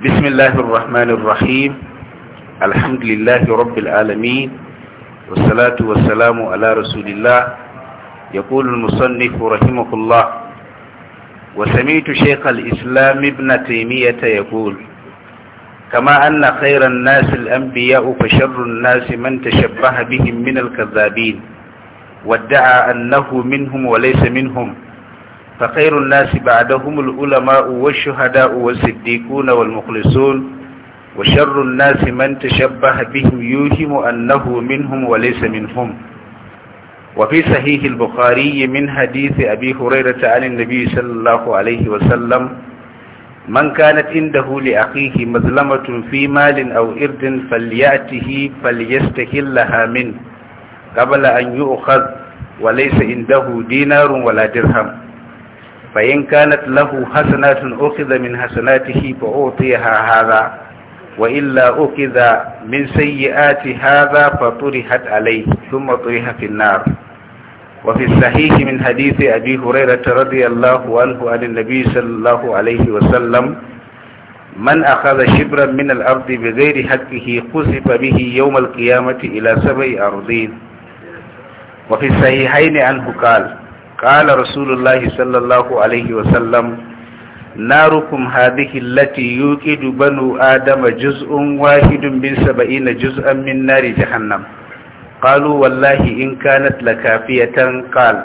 بسم الله الرحمن الرحيم الحمد لله رب العالمين والصلاة والسلام على رسول الله يقول المصنف رحمه الله وسمعت شيخ الإسلام ابن تيمية يقول كما أن خير الناس الأنبياء فشر الناس من تشبه بهم من الكذابين وادعى أنه منهم وليس منهم فخير الناس بعدهم العلماء والشهداء والصديقون والمخلصون وشر الناس من تشبه بهم يوهم أنه منهم وليس منهم وفي صحيح البخاري من حديث أبي هريرة عن النبي صلى الله عليه وسلم من كانت عنده لأخيه مظلمة في مال أو إرد فليأته فليستهلها منه قبل أن يؤخذ وليس عنده دينار ولا درهم فإن كانت له حسنات أخذ من حسناته فأعطيها هذا وإلا أخذ من سيئات هذا فطرحت عليه ثم طرح في النار وفي الصحيح من حديث أبي هريرة رضي الله عنه عن النبي صلى الله عليه وسلم من أخذ شبرا من الأرض بغير حقه قصف به يوم القيامة إلى سبع أرضين وفي الصحيحين عنه قال قال رسول الله صلى الله عليه وسلم ناركم هذه التي يوقد بنو آدم جزء واحد من سبعين جزءا من نار جهنم قالوا والله إن كانت لكافية قال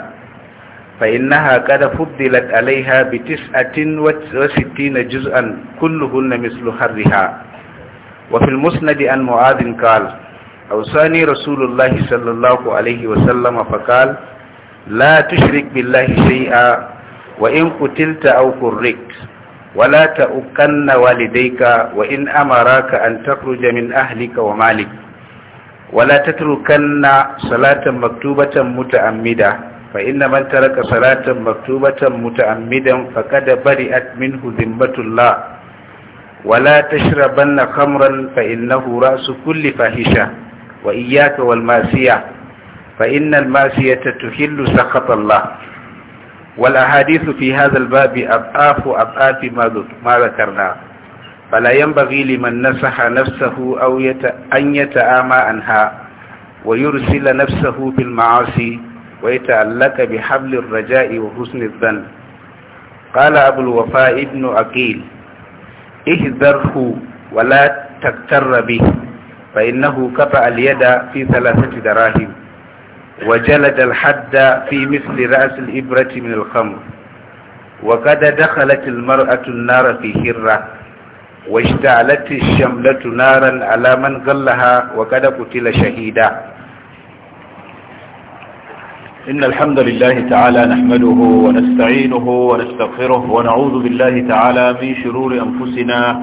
فإنها قد فضلت عليها بتسعة وستين جزءا كلهن مثل حرها وفي المسند عن معاذ قال أوصاني رسول الله صلى الله عليه وسلم فقال لا تشرك بالله شيئا وإن قتلت أو كركت ولا تؤكن والديك وإن أمراك أن تخرج من أهلك ومالك ولا تتركن صلاة مكتوبة متعمدة فإن من ترك صلاة مكتوبة متعمدا فقد برئت منه ذمة الله ولا تشربن خمرا فإنه رأس كل فاحشة وإياك والمعصية فإن المعصية تحل سخط الله والأحاديث في هذا الباب أبآف أبآف ما ذكرنا فلا ينبغي لمن نصح نفسه أو يت... أن يتآمى عنها ويرسل نفسه بالمعاصي ويتعلق بحبل الرجاء وحسن الظن قال أبو الوفاء ابن أقيل اهذره ولا تكتر به فإنه قطع اليد في ثلاثة دراهم وجلد الحد في مثل رأس الإبرة من الخمر وقد دخلت المرأة النار في هرة واشتعلت الشملة نارا على من غلها وقد قتل شهيدا إن الحمد لله تعالى نحمده ونستعينه ونستغفره ونعوذ بالله تعالى من شرور أنفسنا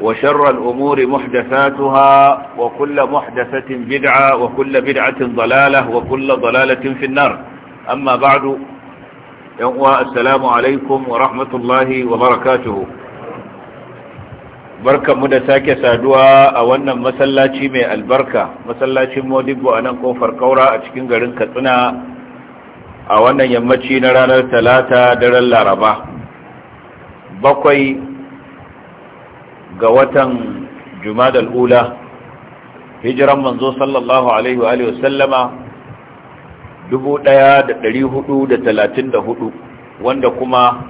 وشر الأمور محدثاتها وكل محدثة بدعة وكل بدعة ضلالة وكل ضلالة في النار أما بعد السلام عليكم ورحمة الله وبركاته بركة مدساك سادوا أولا مسلاتي من البركة مسلاتي مودب وأنا كوفر كورا أتكين غرين كتنا أولا يمتشي نرانا ثلاثة در اللاربة بقي ga watan juma'a ula hijiran manzo sallallahu alaihi wa alihi sallama 1434 wanda kuma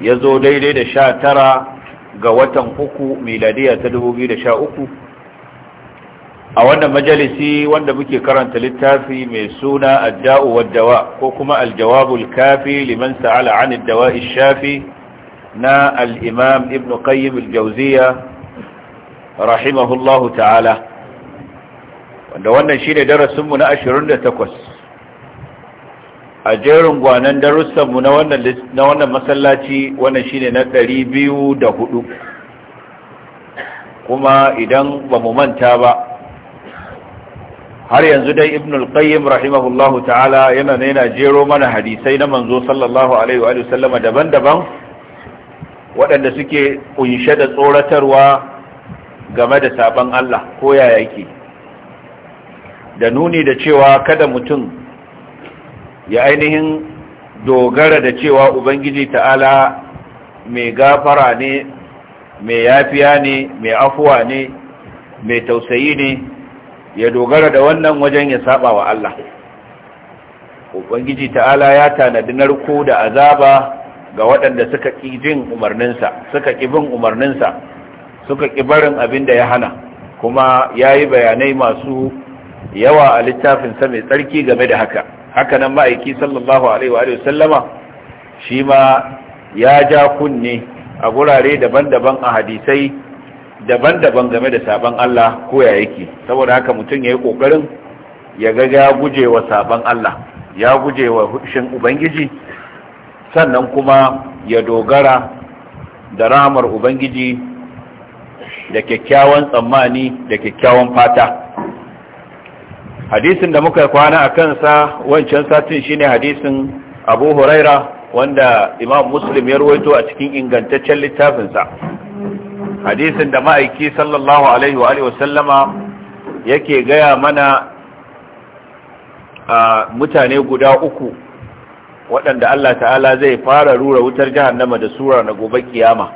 ya zo daidai da sha tara ga watan uku miladiya ta 2013 a wannan majalisi wanda muke karanta littafi mai suna adda'u wadda ko kuma aljawabul kafi liman sa'ala 'anid dawa'i shafi na al'imam ibn qayyim al-jauziya rahimahullahu ta'ala wanda wannan shi ne darasinmu na 28 a jerin gwanon darussanmu na wannan masallaci wannan shi ne na 204 kuma idan ba mu manta ba har yanzu dai ibn al-qayyim rahimahullahu ta'ala yana ne jero mana hadisai na manzo sallallahu alaihi wa sallama daban-daban waɗanda suke kunshe da tsoratarwa game da saban Allah ko yaya yake da nuni da cewa kada mutum ya ainihin dogara da cewa ubangiji ta'ala mai gafara ne mai yafiya ne mai afuwa ne mai tausayi ne ya dogara da wannan wajen ya saba wa Allah ubangiji ta'ala ya tanadi narko da azaba ga waɗanda suka ƙi jin umarninsa suka ƙi bin umarninsa suka ƙi barin abin da ya hana kuma ya yi bayanai masu yawa a littafinsa mai tsarki game da haka haka nan ma'aiki sallallahu alaihi wa sallama shi ma ya ja kunne a gurare daban-daban a hadisai daban-daban game da sabon Allah ko ya yake saboda haka mutum ya yi ƙoƙarin ya ga ya guje wa sabon Allah ya guje wa hushin Ubangiji sannan kuma ya dogara da ramar ubangiji da kyakkyawan tsammani da kyakkyawan fata hadisin da muka kwana a kansa wancan satin shine hadisin abu huraira wanda imam muslim ya ruwaito a cikin ingantaccen littafinsa hadisin da ma'aiki sallallahu alaihi wa sallama yake gaya mana a mutane guda uku waɗanda Allah ta'ala zai fara rura wutar jahannama da sura na gobe kiyama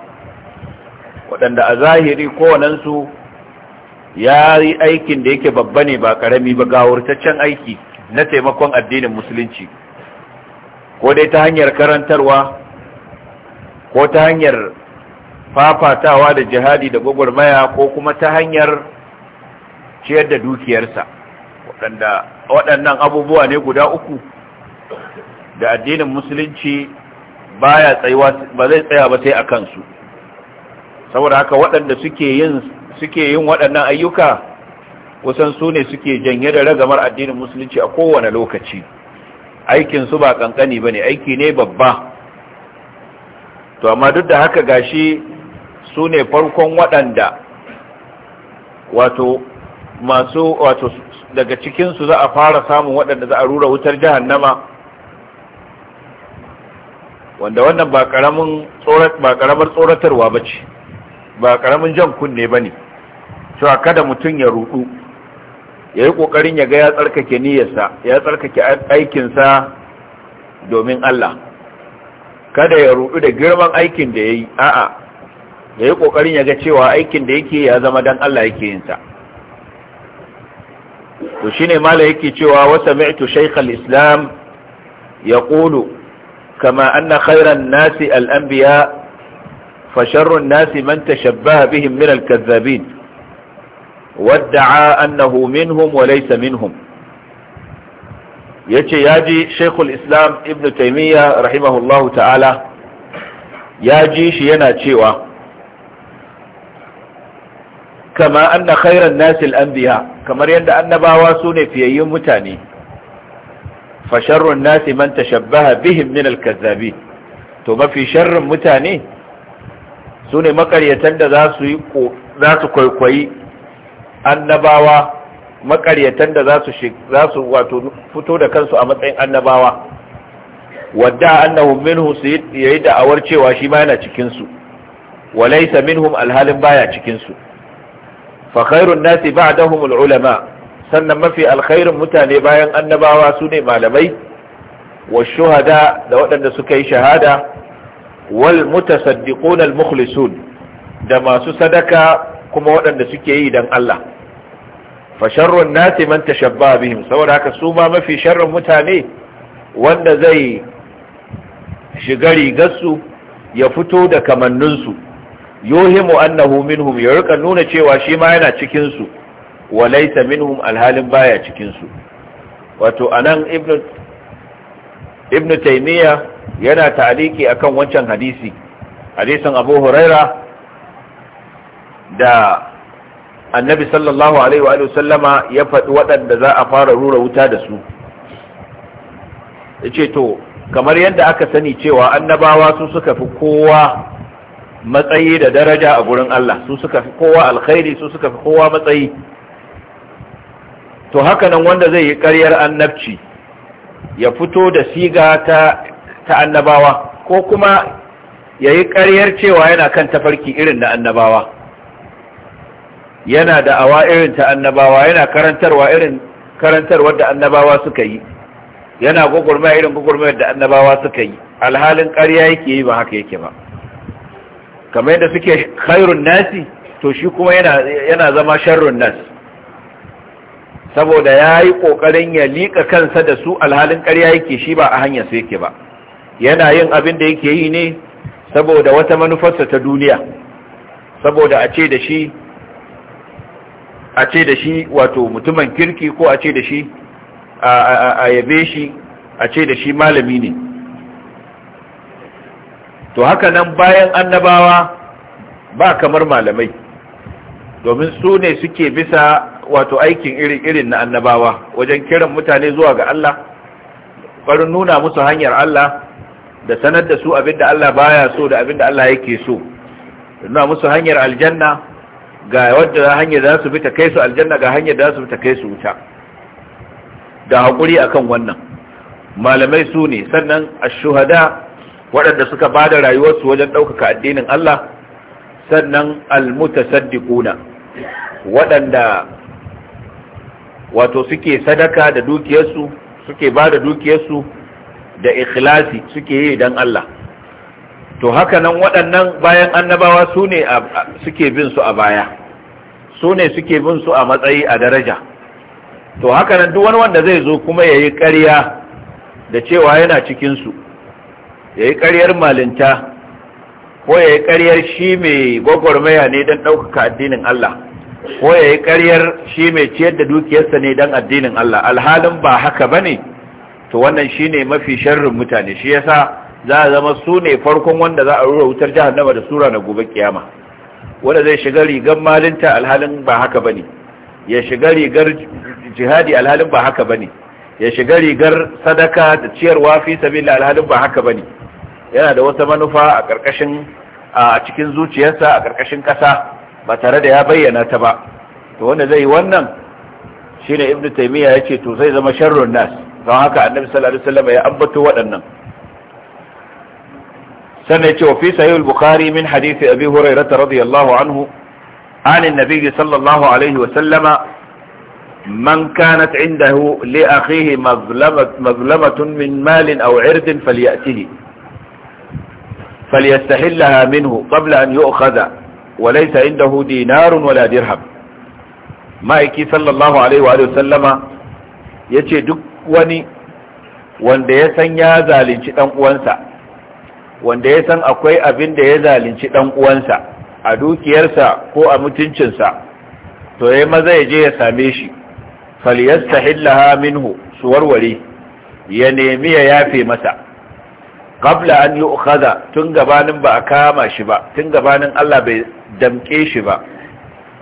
waɗanda a zahiri kowanensu ya yi aikin da yake babba ne ba ƙarami ba gawurtaccen aiki na taimakon addinin musulunci ko dai ta hanyar karantarwa ko ta hanyar fafatawa da jihadi da gwagwarmaya ko kuma ta hanyar ciyar da dukiyarsa waɗannan abubuwa ne guda uku da addinin musulunci baya tsayuwa ba zai tsaya ba sai a kansu. saboda haka waɗanda suke yin suke yin waɗannan ayyuka kusan su ne suke janye da ragamar addinin musulunci a kowane lokaci aikin su ba kankani bane aiki ne babba to amma duk da haka gashi su ne farkon waɗanda wato masu wato daga cikinsu za a fara samun waɗanda za a rura wutar jahannama wanda wannan ba karamin tsorat ba karamar tsoratarwa bace ba karamin jan kunne bane cewa kada mutun ya rudu ya yi kokarin ya ga ya tsarkake niyyarsa ya tsarkake aikinsa domin Allah kada ya rudu da girman aikin da yayi a'a ya yi kokarin ya ga cewa aikin da yake ya zama dan Allah yake yin sa to shine mala yake cewa wa sami'tu shaykh al-islam yaqulu كما أن خير الناس الأنبياء فشر الناس من تشبه بهم من الكذابين وادعى أنه منهم وليس منهم يجي ياجي شيخ الإسلام ابن تيمية رحمه الله تعالى ياجي شينا تشيوى كما أن خير الناس الأنبياء كما رين أن باواسون في أي متاني fa sharrun nasi manta shabbaha bihim min al-kazzabi to mafi sharrin mutane sune makaryatan da za su kwaikwayi annabawa makaryatan da za su wato fito da kansu a matsayin annabawa wadda annahum minhu su yayi da'awar cewa shi ma yana cikin su walaysa minhum alhalin baya cikinsu. su fa khairun nasi ba'dahum al-ulama sannan mafi alkhairin mutane bayan annabawa su ne malamai wa shuhada da waɗanda suka yi shahada wal mutasaddiqun al mukhlisun da masu sadaka kuma waɗanda suke yi dan Allah fa sharrun nasi man tashabba bihim saboda haka su ma mafi sharrin mutane wanda zai shiga rigarsu ya fito da kamanninsu yohimu annahu minhum ya rika nuna cewa shi ma yana cikin su wa laysa minhum alhalin baya cikin su wato anan ibnu ibnu taymiya yana ta'aliki akan wancan hadisi hadisin abu huraira da annabi sallallahu alaihi wa sallama ya faɗi waɗanda za a fara rura wuta da su yace to kamar yadda aka sani cewa annabawa su suka fi kowa matsayi da daraja a gurin Allah su suka fi kowa alkhairi su suka fi kowa matsayi to hakanan wanda zai yi ƙaryar annabci ya fito da siga ta ta annabawa ko kuma ya yi ƙaryar cewa yana kan tafarki irin na annabawa yana da awa irin ta annabawa yana karantarwa irin karantarwar da annabawa suka yi yana gugurma irin gugurmayar da annabawa suka yi alhalin ƙarya yake yi ba haka yake ba kamar yadda suke khairun nasi to shi kuma yana zama sharrun nasi saboda ya yi ƙoƙarin ya liƙa kansa da su alhalin ƙarya yake shi ba a hanyar su yake ba yana yin abin da yake yi ne saboda wata manufarsa ta duniya saboda a ce da shi a ce da shi wato mutumin kirki ko a ce da shi a yabe shi a ce da shi malami ne to haka nan bayan annabawa ba kamar malamai domin su ne suke bisa wato aikin iri irin na annabawa wajen kiran mutane zuwa ga Allah barin nuna musu hanyar Allah da sanar da su abinda Allah baya so da abinda Allah yake so nuna musu hanyar aljanna ga wadda hanyar da su bi ta kai su aljanna ga hanyar da su bi ta kai su wuta da hakuri akan wannan malamai su ne sannan ashuhada waɗanda suka bada rayuwarsu wajen ɗaukaka addinin Allah sannan almutasaddiquna waɗanda wato suke sadaka da dukiyarsu suke ba da dukiyarsu da ikhlasi suke yi don Allah to haka nan waɗannan bayan annabawa su ne suke bin su a baya su ne suke bin su a matsayi a daraja to haka nan duk wani wanda zai zo kuma ya yi ƙarya da cewa yana cikinsu ya yi ƙaryar malinta ko ya yi ƙaryar shi mai gwagwarmaya ne don ɗaukaka addinin Allah ko ya yi karyar shi mai ciyar da dukiyarsa ne don addinin Allah alhalin ba haka ba ne to wannan shi ne mafi sharrin mutane shi yasa za a zama su ne farkon wanda za a rura wutar jihar jahannama da sura na gobe kiyama wanda zai shiga rigar malinta alhalin ba haka ba ne ya shiga rigar jihadi alhalin ba haka ba ne ya shiga rigar sadaka da ciyarwa fi sabila alhalin ba haka ba ne yana da wata manufa a ƙarƙashin a cikin zuciyarsa a ƙarƙashin ƙasa ba tare da ya bayyana ta ba to wanda zai wannan shine ibnu taymiya yace to zai zama sharrun nas don haka annabi sallallahu alaihi wasallam ya ambato waɗannan sannan ce fi sahih al-bukhari min hadith abi hurairah radiyallahu anhu an annabi sallallahu alaihi wasallama وسلم من كانت عنده لأخيه مظلمة, مظلمة من مال أو عرض فليأته فليستحلها منه قبل أن يؤخذ walaysa indahu dinarun wala dirham ma'aiki sallallahu alaihi wa sallama yace duk wani wanda ya san ya zalunci dan uwansa wanda ya san akwai abin da ya zalunci dan uwansa a dukiyarsa ko a mutuncinsa to yayi maza ya je ya same shi falyastahillaha minhu suwarware ya nemi ya yafe masa qabla an yu'khadha tun gabanin ba a kama shi ba tun gabanin Allah bai damke shi ba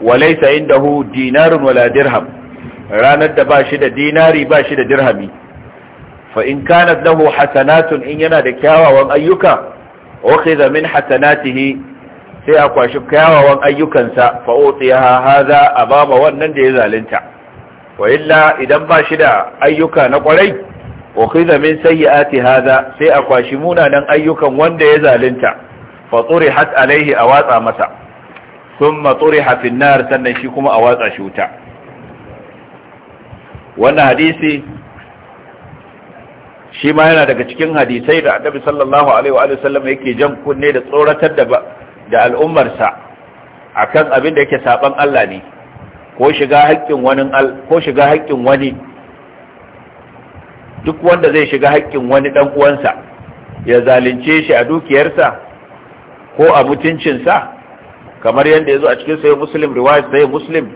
walaisa indahu dinarun wala dirham ranar da ba shi da dinari ba shi da dirhami fa in kanat lahu hasanatun in yana da kyawawan ayyuka ukhidha min hasanatihi sai a kwashi kyawawan ayyukansa fa utiha hadha ababa wannan da ya zalunta wa illa idan ba shi da ayyuka na kwarai ukhidha min sayyiati hadha sai a kwashi munanan ayyukan wanda ya zalunta fa turihat alaihi a watsa masa thumma turiha fi nar sannan shi kuma a watsa shi wuta wannan hadisi shi ma yana daga cikin hadisai da annabi sallallahu alaihi wa sallam yake jan kunne da tsoratar da da al'ummarsa kan abin da yake saban Allah ne ko shiga haƙƙin wani ko duk wanda zai shiga haƙƙin wani dan uwansa ya zalunce shi a dukiyarsa ko a mutuncinsa kamar yadda zo a cikin sahih muslim riwayat sai muslim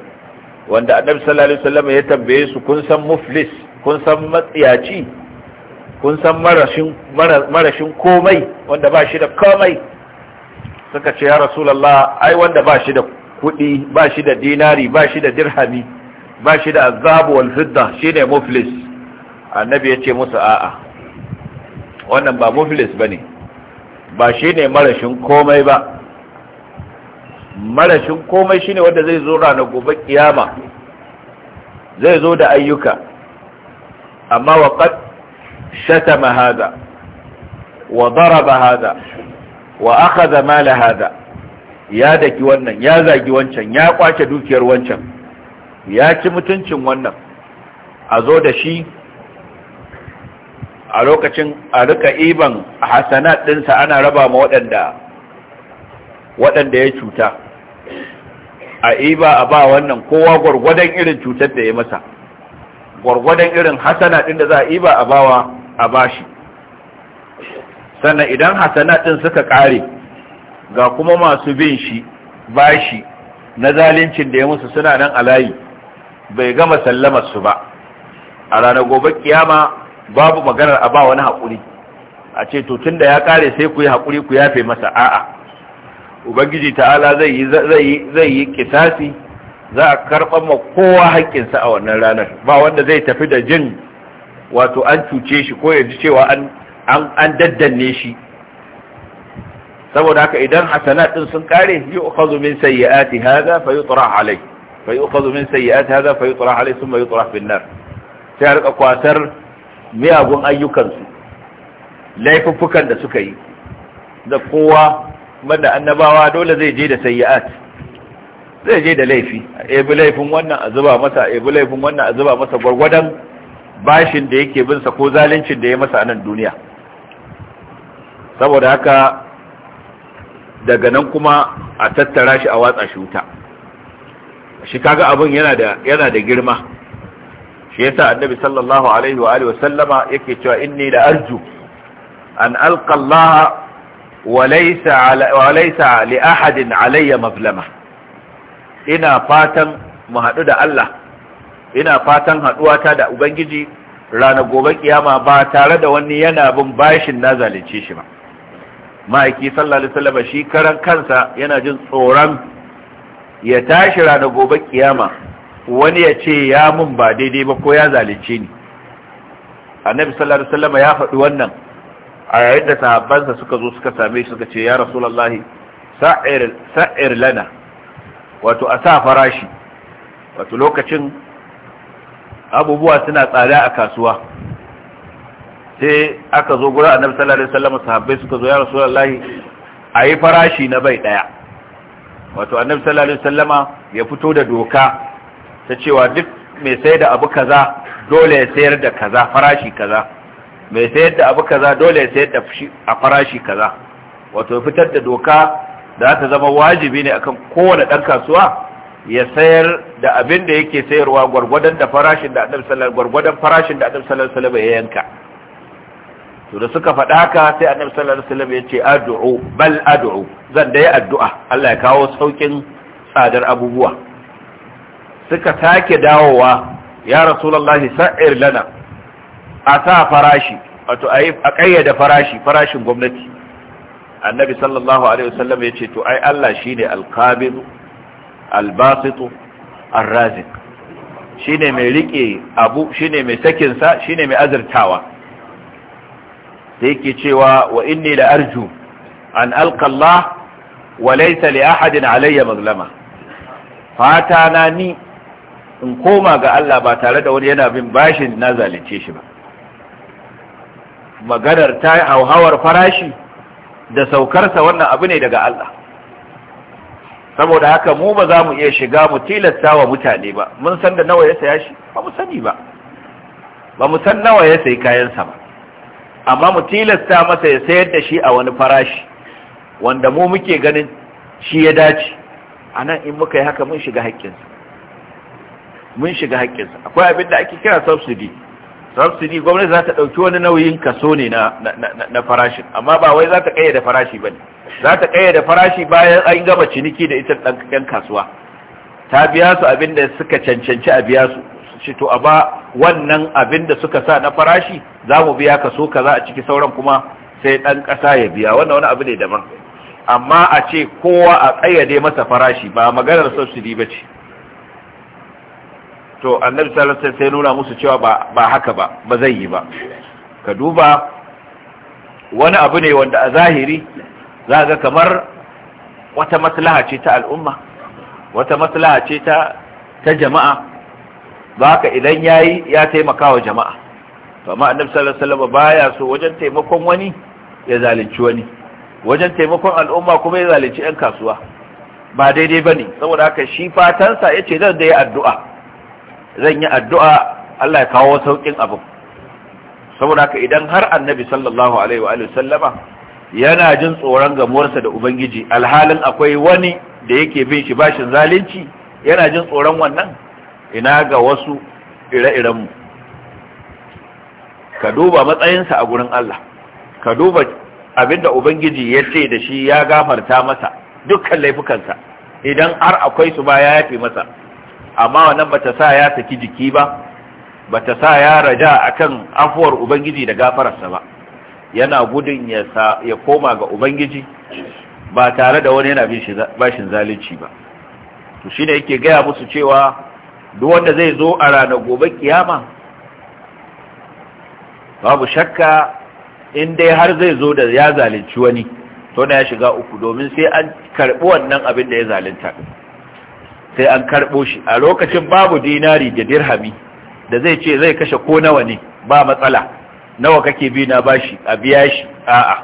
wanda annabi sallallahu alaihi wasallam ya tambaye su kun san muflis kun san matsiyaci kun san marashin marashin komai wanda ba shi da komai suka ce ya rasulullah ai wanda ba shi da kuɗi ba shi da dinari ba shi da dirhami ba shi da azabu wal fidda shine muflis annabi ya ce musu a'a wannan ba muflis bane ba shine marashin komai ba marashin komai shine wanda zai zo ranar gobe kiyama zai zo da ayyuka amma waqad shatama hada wa daraba hada wa akhadha mal hada ya daki wannan ya zagi wancan ya kwace dukiyar wancan ya ci mutuncin wannan a zo da shi a lokacin a rika iban hasanat dinsa ana raba ma waɗanda waɗanda ya cuta a iba a ba wannan kowa gwargwadon irin cutar da ya masa gwargwadon irin hasana din da za a iba a bawa a bashi sannan idan hasana din suka kare ga kuma masu bin shi bashi na zalincin da ya musu suna nan a layi bai gama sallamar su ba a ranar gobe kiyama babu maganar a ba wani haƙuri a ce to tun da ya kare sai ku yi haƙuri ku yafe masa a'a ubangiji ta'ala zai yi zai yi kisasi za a karɓar ma kowa haƙƙinsa a wannan ranar ba wanda zai tafi da jin wato an cuce shi ko ya ji cewa an daddanne shi saboda haka idan hasanat din sun kare yu'khadhu min sayyi'ati hadha fayutrah alai fayukhadhu min sayyi'ati hadha fayutrah alai thumma bin nar sai rika kwatar miyagun ayyukan su laifuffukan da suka yi da kowa banda annabawa dole zai je da sayyi'at zai je da laifi ebi laifin wannan a zuba masa ebi laifin wannan a zuba masa gwargwadon bashin da yake binsa ko zalincin da ya masa a nan duniya saboda haka daga nan kuma a tattara shi a watsa shi wuta shi kaga abin yana da yana da girma shi yasa annabi sallallahu alaihi wa alihi wasallama yake cewa inni da arju an alqa Allah walaisa li ahadin alayya mazlama ina fatan mu haɗu da Allah ina fatan haɗuwata da Ubangiji ranar gobe kiyama ba tare da wani yana bin bashin na zalunce shi ba ma'aiki sallallahu alaihi shi karan kansa yana jin tsoron ya tashi ranar gobe kiyama wani ya ce ya mun ba daidai ba ko ya zalunce ni annabi sallallahu alaihi ya faɗi wannan a yayin da sahabbansa suka zo suka same shi suka ce ya rasulullahi sa'ir lana wato a sa farashi wato lokacin abubuwa suna tsada a kasuwa sai aka zo gura annabi sallallahu alaihi wasallam sahabbai suka zo ya rasulullahi a yi farashi na bai daya wato annabi sallallahu alaihi wasallam ya fito da doka ta cewa duk mai sayar da abu kaza dole ya sayar da kaza farashi kaza mai sayar da abu kaza dole ya sayar da a farashi kaza wato fitar da doka da ta zama wajibi ne akan kowane ɗan kasuwa ya sayar da abin da yake sayarwa gwargwadon da farashin da annabi sallallahu gwargwadon farashin da annabi sallallahu alaihi wasallam ya yanka to da suka faɗa ka sai annabi sallallahu alaihi wasallam ya ce ad'u bal ad'u zan dai addu'a Allah ya kawo saukin tsadar abubuwa suka take dawowa ya rasulullahi sa'ir lana a sa farashi wato a yi a kayyada farashi farashin gwamnati annabi sallallahu alaihi wasallam ya ce to ai Allah shine al-qabid al-basit ar-raziq shine mai riƙe abu shi ne mai sakinsa, shi ne mai azurtawa sai yake cewa wa inni la arju an alqa Allah wa laysa li ahadin alayya mazlama fata na ni in koma ga Allah ba tare da wani yana bin bashin na zalunce shi ba maganar ta hauhawar farashi da saukarsa wannan abu ne daga Allah saboda haka mu ba za mu iya shiga mu tilasta wa mutane ba mun san da nawa ya saya shi ba mu sani ba ba mu san nawa ya sayi kayansa ba amma mu tilasta masa ya sayar da shi a wani farashi wanda mu muke ganin shi ya dace a nan in muka yi haka mun shiga haƙƙinsa mun shiga haƙƙinsa akwai abin da ake kira subsidy subsidy gwamnati za ta ɗauki wani nauyin kaso ne na farashin amma ba wai za ta da farashi ba ne za ta da farashi bayan an gama ciniki da ita ɗan kasuwa ta biya su abin da suka cancanci a biya su shi to a ba wannan abin da suka sa na farashi za mu biya kaso kaza a ciki sauran kuma sai ɗan ƙasa ya biya wannan wani abu ne daban amma a ce kowa a ƙayyade masa farashi ba maganar subsidy ba ce to annabi sallallahu alaihi wasallam nuna musu cewa ba ba haka ba ba zai yi ba ka duba wani abu ne wanda a zahiri za ga kamar wata maslaha ce ta al'umma wata maslaha ce ta ta jama'a ba ka idan yayi ya taimaka wa jama'a to amma annabi sallallahu alaihi wasallam baya so wajen taimakon wani ya zalunci wani wajen taimakon al'umma kuma ya zalunci 'yan kasuwa ba daidai bane ne saboda haka shi fatansa ya ce zan da yi addu'a zan yi addu'a Allah ya kawo saukin abin saboda haka idan har annabi sallallahu alaihi wa sallama yana jin tsoron gamuwarsa da ubangiji alhalin akwai wani da yake bin shi bashin zalunci yana jin tsoron wannan ina ga wasu ire-irenmu ka duba matsayinsa a gurin Allah ka duba abinda ubangiji ya ce da shi ya gafarta masa dukkan laifukansa idan har akwai su ba ya yafe masa amma wannan bata sa ya saki jiki ba bata sa ya raja akan afuwar ubangiji da gafararsa ba yana gudun ya koma ga ubangiji ba tare da wani yana bashin zalunci ba to shine yake gaya musu cewa duk wanda zai zo a ranar gobe kiyama babu shakka in dai har zai zo da ya zalunci wani to na ya shiga uku domin sai an karbi wannan abin da ya zalunta sai an karɓo shi a lokacin babu dinari da dirhami da zai ce zai kashe ko nawa ne ba matsala nawa kake bi na bashi a biya shi a'a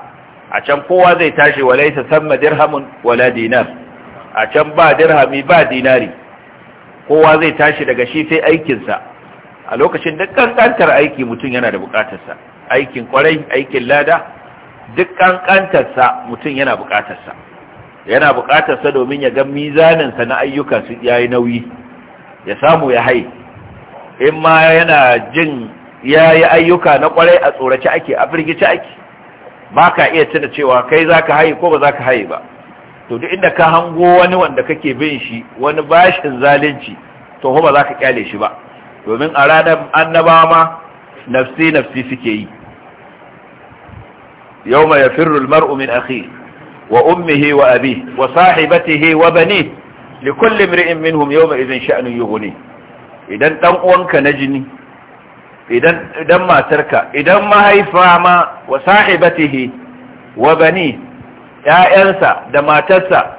a can kowa zai tashi walaisa samma dirhamun wala dinar a can ba dirhami ba dinari kowa zai tashi daga shi sai aikinsa a lokacin duk kankantar aiki mutum yana da sa aikin kwarai aikin lada duk ƙanƙantarsa mutum yana bukatarsa yana buƙatar sa domin ya ga mizaninsa na ayyuka su yayi nauyi ya samu ya hai in ma yana jin yayi ayyuka na kwarai a tsoraci ake a firgici ake ba ka iya tuna cewa kai zaka haye ko ba zaka haye ba to duk inda ka hango wani wanda kake bin shi wani bashin zalunci to ho ba za ka kyale shi ba domin a ranar annaba ma nafsi nafsi suke yi yau mai yafirul mar'u min akhi wa ummihi wa abi wa sahibatihi wa bani li kulli imri'in minhum yawma idhin sha'nun yughni idan dan uwanka na jini idan idan matarka idan mahaifa ma wa sahibatihi wa bani ƴaƴansa da matarsa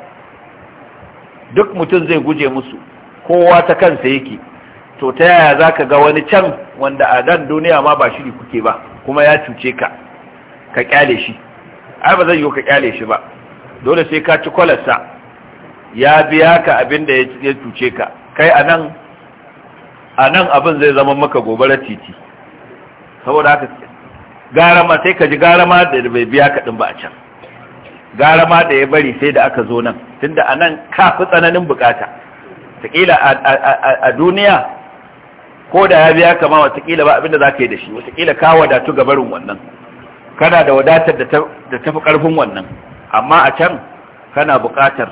duk mutum zai guje musu kowa ta kansa yake to ta yaya zaka ga wani can wanda a dan duniya ma ba shiri kuke ba kuma ya cuce ka ka kyale shi ai ba zai yi ka kyale shi ba dole sai ka ci kwalarsa ya biya ka abin da ya cuce ka kai a nan abin zai zama maka gobara titi saboda haka garama sai ka ji garama da bai biya ka ɗin ba a can garama da ya bari sai da aka zo nan tunda a nan ka fi tsananin bukata watakila a duniya ko da ya biya kama watakila ba abinda za ka yi da shi watakila ka wadatu gabarin wannan kana da wadatar da tafi karfin wannan amma a can kana buƙatar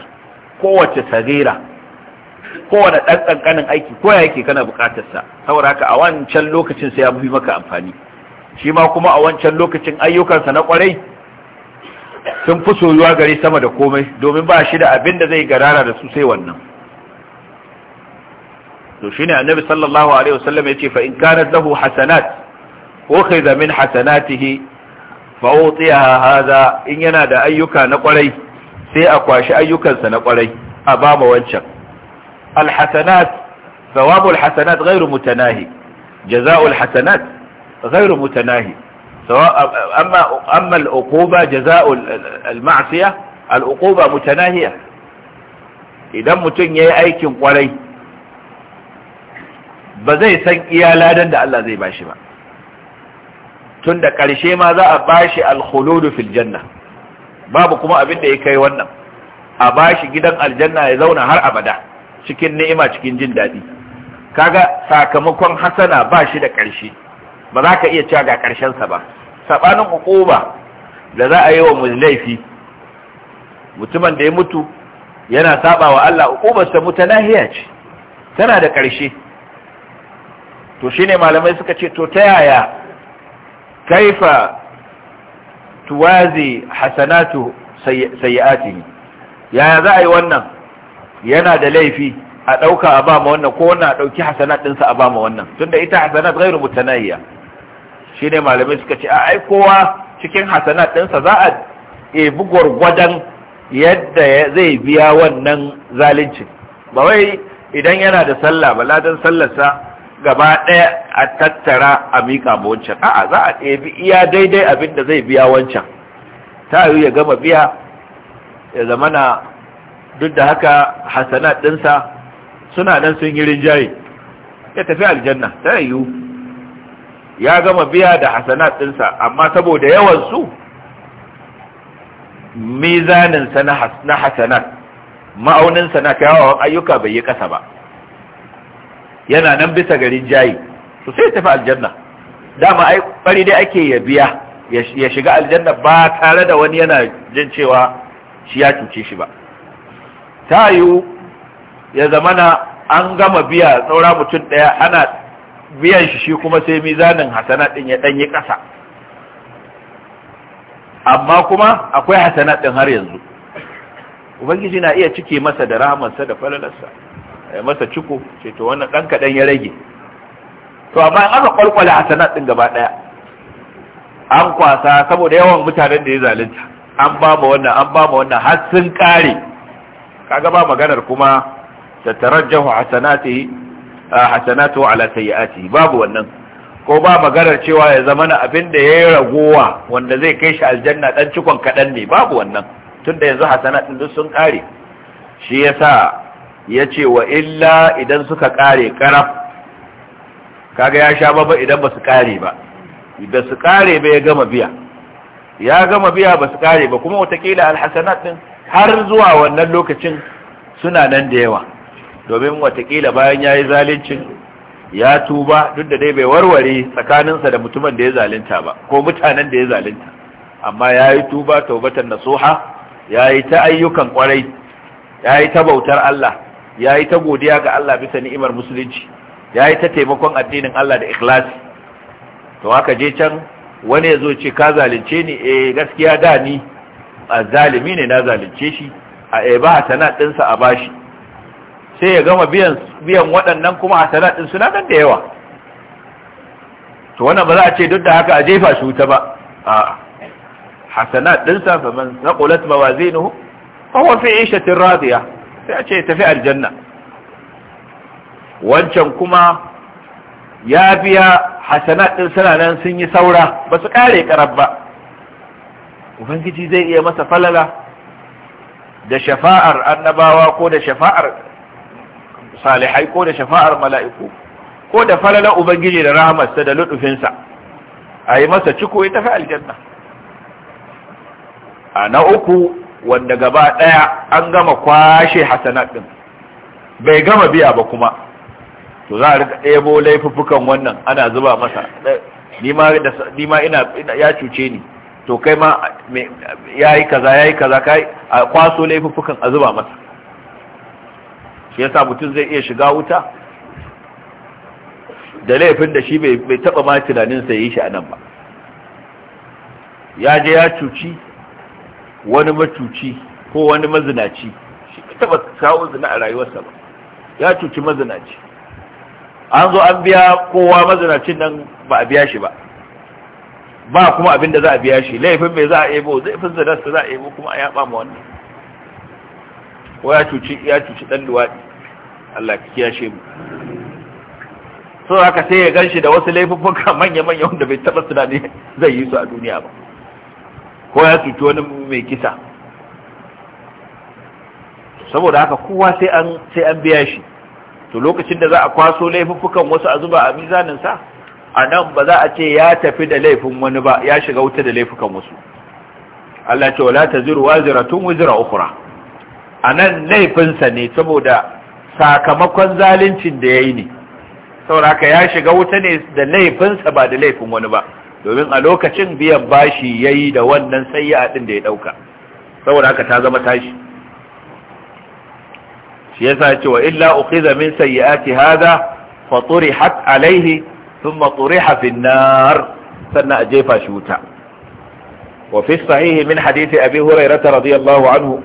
kowace sagira kowane ɗan ƙanƙanin aiki ko ya yake kana buƙatar sa saboda haka a wancan lokacin sai ya fi maka amfani shi ma kuma a wancan lokacin ayyukansa na ƙwarai sun fi soyuwa gare sama da komai domin ba shi da abin da zai garara da su sai wannan to shine annabi sallallahu alaihi wasallam yace fa in kana lahu hasanat ukhidha min hasanatihi فأوطيها هذا إن ينادى أيكا نقري سيأكواش أيكا سنقري أبام وانشق الحسنات ثواب الحسنات غير متناهي جزاء الحسنات غير متناهي سواء أما, أما الأقوبة جزاء المعصية الأقوبة متناهية إذا متن يأيكم قري بزي سنئيا لا دند ألا زي باشي ما. tun da ƙarshe ma za a bashi alkhuludu fil janna babu kuma abin da ya kai wannan a bashi gidan aljanna ya zauna har abada cikin ni'ima cikin jin daɗi kaga sakamakon hasana ba shi da ƙarshe ba za ka iya cewa ga ƙarshensa ba saɓanin hukuma da za a yi wa mulaifi mutumin da ya mutu yana saba wa Allah hukumarsa nahiya ce tana da ƙarshe to shine malamai suka ce to ta yaya kaifa tuwazi hasanatu sayyi'atihi yaya za a yi wannan yana da laifi a ɗauka a bama wannan ko wannan a ɗauki hasanat ɗinsa a bama wannan tunda ita hasanat gairu mutanahiya shine malamai suka ce a ai kowa cikin hasanat ɗinsa za a ebi gwadan yadda zai biya wannan zalincin ba wai idan yana da sallah ba ladan sallarsa gaba ɗaya a tattara a miƙa ma wancan a'a za a ɗebi iya daidai abin da zai biya wancan ta yi ya gama biya ya zama duk da haka hasanat ɗinsa suna nan sun yi rinjaye ya tafi aljanna ta yi ya gama biya da hasanat ɗinsa amma saboda yawansu mizaninsa na hasanat ma'auninsa na kyawawan ayyuka bai yi ƙasa ba yana nan bisa garin jayi to sai tafi aljanna dama ai bari dai ake ya biya ya shiga aljanna ba tare da wani yana jin cewa shi ya cuce shi ba tayu ya zamana an gama biya tsaura mutum daya ana biyan shi shi kuma sai mizanin hasana din ya danyi kasa amma kuma akwai hasana din har yanzu ubangiji na iya cike masa da rahamarsa da falalarsa masa ciko sai to wannan ɗan kaɗan ya rage to amma an aka kwalkwala hasanat ɗin gaba ɗaya an kwasa saboda yawan mutanen da ya zalunta an ba mu wannan an ba mu wannan har sun kare kaga ba maganar kuma ta tarajjahu hasanati hasanatu ala sayiati babu wannan ko ba maganar cewa ya zama na abin da ya yi ragowa wanda zai kai shi aljanna dan cikon kaɗan ne babu wannan tunda yanzu hasanat din sun kare shi yasa ya ce wa illa idan suka kare karaf kaga ya sha baba idan ba su kare ba da su kare ba ya gama biya ya gama biya ba su kare ba kuma watakila alhassanat din har zuwa wannan lokacin suna nan da yawa domin watakila bayan ya yi zalincin ya tuba duk da dai bai warware tsakaninsa da mutumin da ya zalinta ba ko mutanen da ya zalinta amma ya yi tuba taubatan nasuha ya yi ta ayyukan kwarai ya yi ta bautar Allah ya yi ta godiya ga Allah bisa ni'imar musulunci ya yi ta taimakon addinin Allah da ikhlasi to haka je can wani ya zo ce ka zalunce ni eh gaskiya da ni a zalimi ne na zalunce shi a eh ba hasanat ɗinsa a bashi sai ya gama biyan biyan waɗannan kuma hasanat ɗinsu suna nan da yawa to wannan ba za a ce duk da haka a jefa shi wuta ba a'a hasanat ɗinsa fa man saqulat mawazinuhu fa huwa fi 'ishatin radiyah sai a ce ya tafi aljanna wancan kuma ya biya hasanat din suna nan sun yi saura ba su kare karab ba ubangiji zai iya masa falala da shafa'ar annabawa ko da shafa'ar salihai ko da shafa'ar mala'iku ko da falala ubangiji da rahamarsa da lutufinsa a yi masa ciko ya tafi aljanna a na uku wanda gaba ɗaya an gama kwashe hasanat ɗin bai gama biya ba kuma to za a rika ɗebo laifuffukan wannan ana zuba masa ni ma ina ya cuce ni to kai ma ya yi kaza ya yi kaza kai a kwaso laifuffukan a zuba masa shi yasa mutum zai iya shiga wuta da laifin da shi bai taɓa ma tunanin ya yi shi anan ba ya je ya cuci wani macuci ko wani mazinaci shi ka taba kawo zina a rayuwarsa ba ya cuci mazinaci an zo an biya kowa mazinacin nan ba a biya shi ba ba kuma abin da za a biya shi laifin mai za a ebo zaifin zinarsa za a ebo kuma a ya ma wannan ko ya cuci ya cuci dan duwadi, Allah ki kiyashe mu so haka sai ya ganshi da wasu laifuffuka manya-manya wanda bai taba tunani zai yi su a duniya ba ko ya cuci wani mai kisa saboda haka kowa sai an sai an biya shi to lokacin da za a kwaso laifuffukan wasu a zuba a mizanin sa a nan ba za a ce ya tafi da laifin wani ba ya shiga wuta da laifukan wasu Allah ce wala taziru waziratun wazira ukhra anan laifin sa ne saboda sakamakon zalincin da yayi ne saboda haka ya shiga wuta ne da laifin sa ba da laifin wani ba domin a lokacin biyan bashi yayi da wannan sayyi'a din da ya dauka saboda haka ta zama tashi shi yasa ya ce wa illa ukhiza min sayyi'ati hadha fa turihat alayhi thumma turiha fi an-nar sannan a jefa shi wuta wa fi sahih min hadith abi hurairah radiyallahu anhu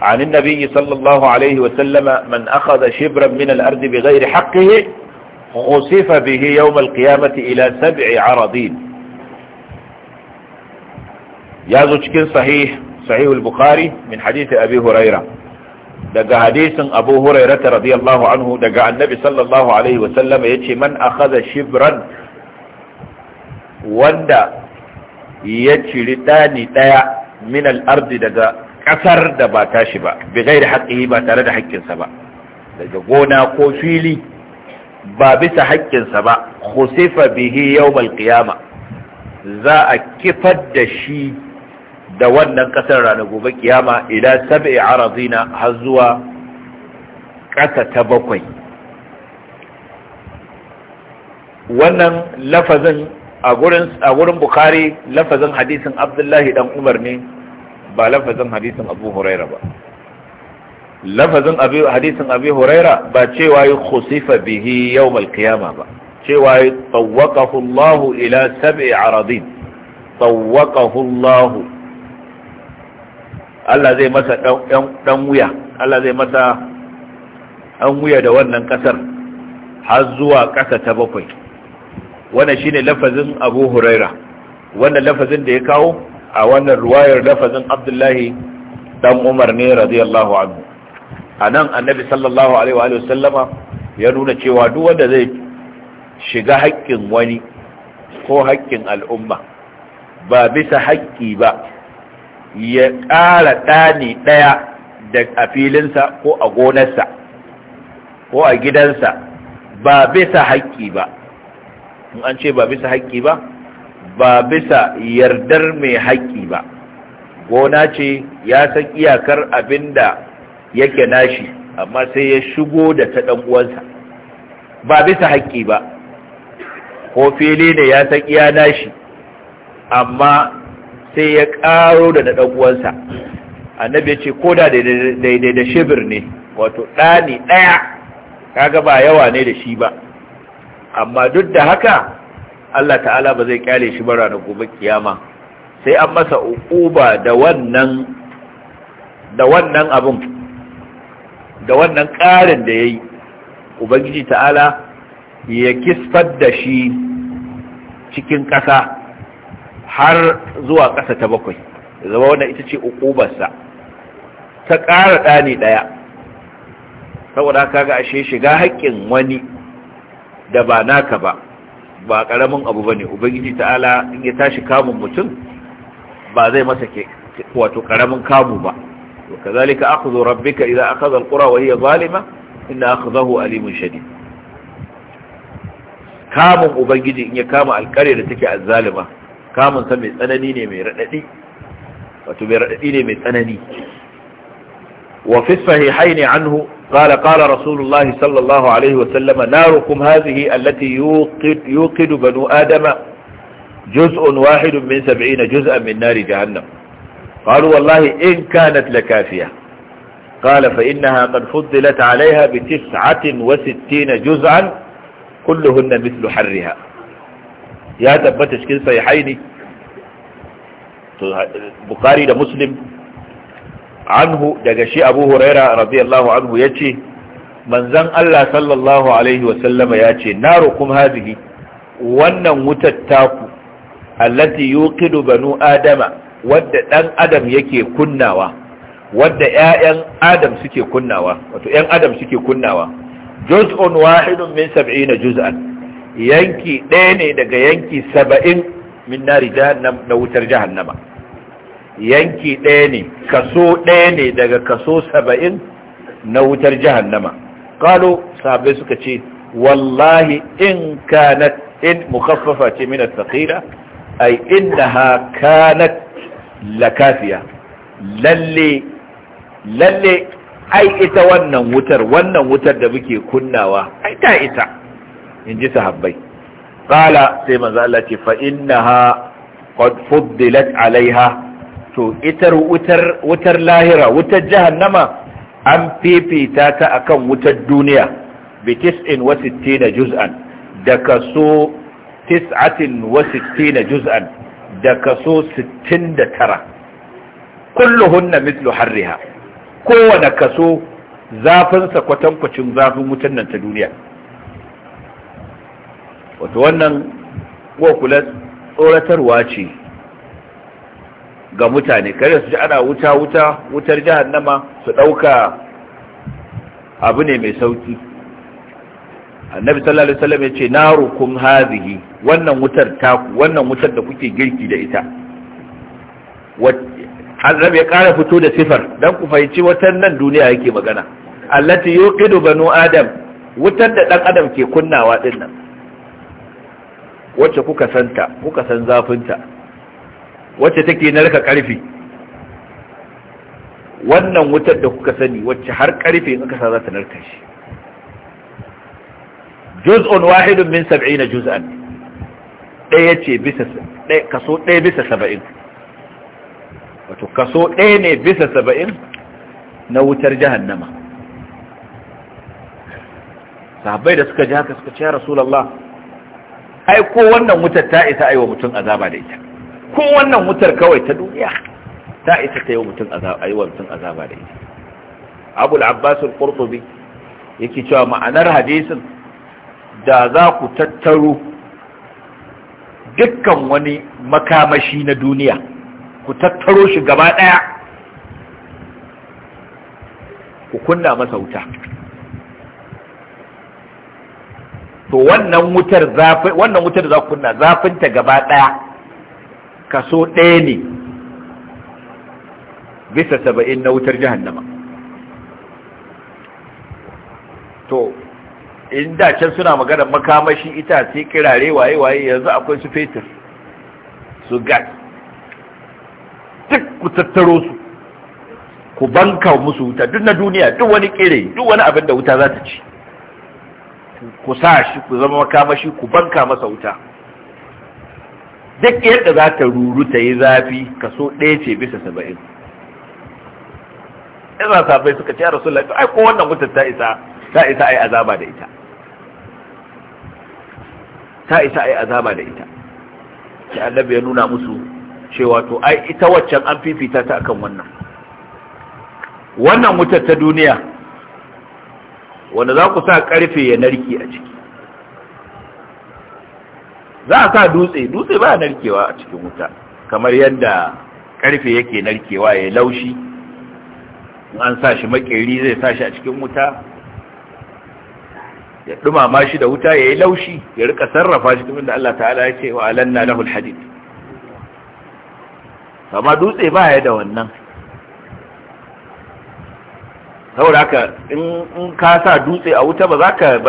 عن النبي صلى الله عليه وسلم من أخذ شبرا من الأرض بغير حقه خسف به يوم القيامة إلى سبع عرضين ya zo cikin sahih sahih al-bukhari min hadisi abi huraira daga hadisin abu huraira radiyallahu anhu daga annabi sallallahu alaihi wa sallama yace man akhadha shibran wanda ya ciri dani daya min al-ardi daga kasar da ba tashi ba bi ghairi haqqihi ba tare da haƙƙinsa ba daga gona ko fili ba bisa haƙƙinsa ba khusifa bihi yawm al za a kifar da shi da wannan kasar ranar gobe kiyama ila sab'i arazina har zuwa ƙasa ta bakwai wannan lafazin a wurin Bukhari lafazin hadisin abdullahi dan umar ne ba lafazin hadisin abu huraira ba lafazin hadisin abu huraira ba cewa yi khusifa bihi yau malkiyama ba cewa yi tsawakahu allahu ila sab'i arazin tsawakahu allahu Allah zai masa ɗan wuya Allah zai masa wuya da wannan ƙasar har zuwa ƙasa ta bakwai wannan shine lafazin abu huraira wannan lafazin da ya kawo a wannan ruwayar lafazin abdullahi dan umar ne radiyallahu anhu a nan annabi sallallahu alaihi wa sallama ya nuna cewa duk wanda zai shiga haƙƙin wani ko haƙƙin al'umma ba bisa haƙƙi ba ya ƙara ɗani ɗaya da a filinsa ko a gonarsa ko a gidansa ba bisa haƙƙi ba in an ce ba bisa haƙƙi ba ba bisa yardar mai haƙƙi ba gona ce ya san iyakar abin da yake nashi amma sai ya shigo da ta ɗan uwansa ba bisa haƙƙi ba ko fili ne ya san iya nashi amma sai ya karo da na ɗan uwansa annabi ya ce ko da daidai da shibir ne wato ɗani ɗaya kaga ba yawa ne da shi ba amma duk da haka Allah ta'ala ba zai kyale shi ba ranar gobe kiyama sai an masa uquba da wannan da wannan abin da wannan ƙarin da yayi ubangiji ta'ala ya kisfar da shi cikin ƙasa har zuwa ƙasa ta bakwai zama wanda ita ce ukubarsa ta ƙara ɗani ɗaya saboda kaga ashe shiga haƙƙin wani da ba naka ba ba ƙaramin abu ba ne. ubangiji ta'ala in ya tashi kamun mutum ba zai masa ke wato ƙaramin kamu ba to kazalika akhudhu rabbika idza akhadha alqura wa hiya zalima inna akhdahu alimun shadid kamun ubangiji in ya kama alƙare da take azzalima kamun sa mai tsanani ne mai radadi wato mai radadi ne mai tsanani wa fi sahihain anhu qala qala rasulullah sallallahu alaihi wa sallama narukum hadhihi allati yuqid yuqidu banu adama juz'un wahidun min 70 juz'an min nar jahannam قالوا والله إن كانت لكافية قال فإنها قد فضلت عليها بتسعة وستين جزعا كلهن مثل حرها ya tabbata cikin sahihaini to bukhari da muslim anhu daga shi abu huraira radiyallahu anhu ya ce, manzan Allah sallallahu alaihi wa sallama yace narukum hadhihi wannan wutar taku allati yuqidu banu adama wadda dan adam yake kunnawa wadda ƴaƴan adam suke kunnawa wato ƴan adam suke kunnawa juz'un wahidun min 70 juz'an yanki ɗaya ne daga yanki saba'in min nari jahannam na wutar jahannama yanki ɗaya ne kaso ɗaya ne daga kaso saba'in na wutar jahannama kalo sahabai suka ce wallahi in kanat in mukaffafa ce min al-thaqila ay ha kanat lakafiya lalle lalle ai ita wannan wutar wannan wutar da muke kunnawa ai ta ita in ji sahabbai Bala sai manzo Allah ce fa fuddilat alaiha to itar wutar lahira wutar jahannama an fifita ta akan wutar duniya bi 69 juz'an da kaso 69 juz'an da kaso 69 kulluhunna mislu harriha kowane kaso zafinsa kwatankwacin zafin wutan nan ta duniya wato wannan kuwa kula tsoratarwa ce ga mutane kare su ji ana wuta wuta wutar jahannama su ɗauka abu ne mai sauki annabi sallallahu alaihi wasallam yace narukum hazihi wannan wutar taku wannan wutar da kuke girki da ita annabi ya kara fito da sifar dan ku fahimci watan nan duniya yake magana allati yuqidu banu adam wutar da dan adam ke kunnawa din wacce kuka santa kuka san zafinta wacce take narka karfi wannan wutar da kuka sani wacce har karfe in aka sa za ta narka shi juz'un wahidun min 70 juz'an ɗaya ce bisa kaso ɗaya bisa 70 wato kaso ɗaya ne bisa 70 na wutar jahannama sahabbai da suka ji haka suka ce ya rasulullah ai ko wannan wutar ta isa aiwa mutum azaba da ita ko wannan wutar kawai ta duniya ta isa ta yi mutum azaba aiwa mutum azaba da ita abul abbas al-Qurtubi yake cewa ma'anar hadisin da za ku tattaro dukkan wani makamashi na duniya ku tattaro shi gaba daya ku kunna masa wuta to wannan wutar zafin wannan wutar za ku kunna zafin ta gaba daya kaso ɗaya ne bisa saba'in na wutar jahannama to inda can suna maganar makamashi ita sai kirare waye waye yanzu akwai su fetur su gas duk ku tattaro su ku banka musu wuta duk na duniya duk wani kire duk wani abin da wuta za ta ci ku sa shi ku zama makamashi ku banka masa wuta duk yadda za ta ruru ta yi zafi kaso ɗaya ce bisa saba'in ina sabai suka ce rasu lafi ai ko wannan wutar ta isa ta isa ai azaba da ita ta isa ai azaba da ita sai annabi ya nuna musu cewa to ai ita waccan an fifita ta akan wannan wannan wutar ta duniya wanda za ku sa karfe ya narke a ciki za a sa dutse dutse ba narkewa a cikin wuta kamar yadda karfe yake narkewa ya laushi an sa shi makeri zai sa shi a cikin wuta ya dumama shi da wuta ya yi laushi ya rika sarrafa shi tumin da Allah ta'ala ya ce wa alanna lahul hadid amma dutse ba ya da wannan saboda haka in ka sa dutse a wuta ba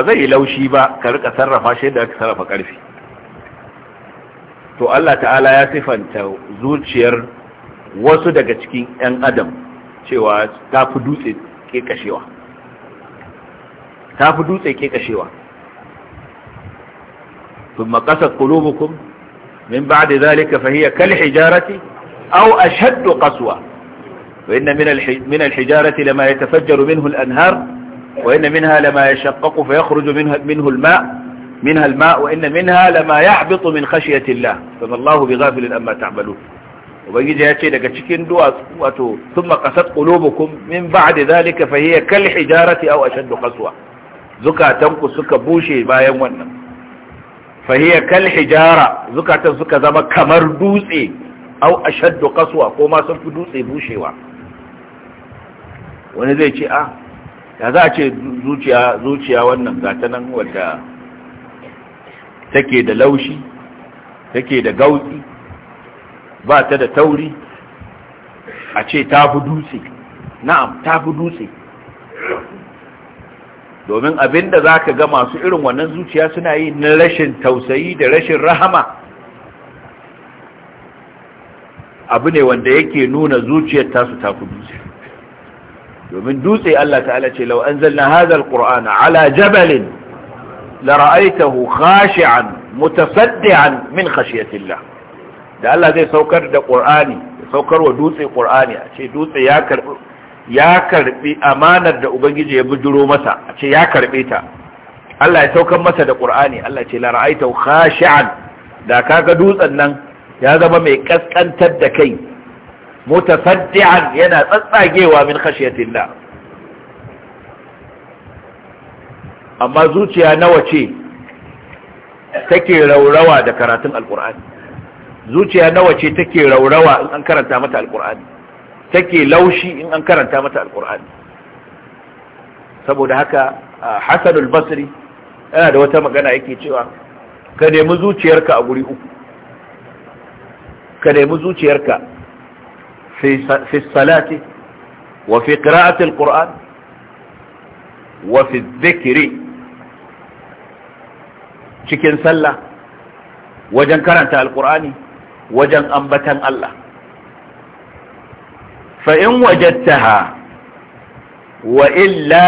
zai yi laushi ba ka rika sarrafa shi da aka sarrafa karfi to Allah ta'ala ya sifanta zuciyar wasu daga cikin 'yan adam cewa ta fi dutse ke kashewa ta fi dutse ke kashewa ثم قست قلوبكم من بعد ذلك فهي كالحجارة أو أشد قسوة وإن من الحجارة لما يتفجر منه الأنهار وإن منها لما يشقق فيخرج منها منه الماء منها الماء وإن منها لما يحبط من خشية الله فما الله بغافل أما تعملون وبيجي ياتي daga cikin ثم قست قلوبكم من بعد ذلك فهي كالحجارة أو أشد قسوة زكا تنقص bushe بوشي ما fahiya فهي كالحجارة zukatan suka zama kamar dutse au ashaddu qaswa ko ma sun fi wani zai ce a ya za a ce zuciya wannan gata nan wadda take da laushi take da gautsi ba ta da tauri a ce ta fi dutse na'am ta fi dutse domin abin da za ka ga masu irin wannan zuciya suna yi na rashin tausayi da rashin rahama abu ne wanda yake nuna zuciyar tasu ta fi dutse domin dutse Allah ta'ala ce law anzalna hadha alqur'ana ala jabalin la ra'aytahu khashi'an mutasaddian min khashiyatillah da Allah zai saukar da qur'ani wa dutse qur'ani a ce dutse ya karbi ya karbi amanar da ubangiji ya bujuro masa a ce ya karbe ta Allah ya saukar masa da qur'ani Allah ce la ra'aytahu khashi'an da kaga dutsen nan ya zama mai kaskantar da kai mutafaddi'an yana tsatsagewa min khashiyatillah amma zuciya nawa ce take raurawa da karatun alqur'ani zuciya nawa ce take raurawa in an karanta mata alqur'ani take laushi in an karanta mata alqur'ani saboda haka hasan basri yana da wata magana yake cewa ka nemi zuciyarka a guri uku ka nemi zuciyarka في الصلاة وفي قراءة القرآن وفي الذكر cikin sallah wajen karanta alkur'ani wajen ambatan Allah fa in wajadtaha wa illa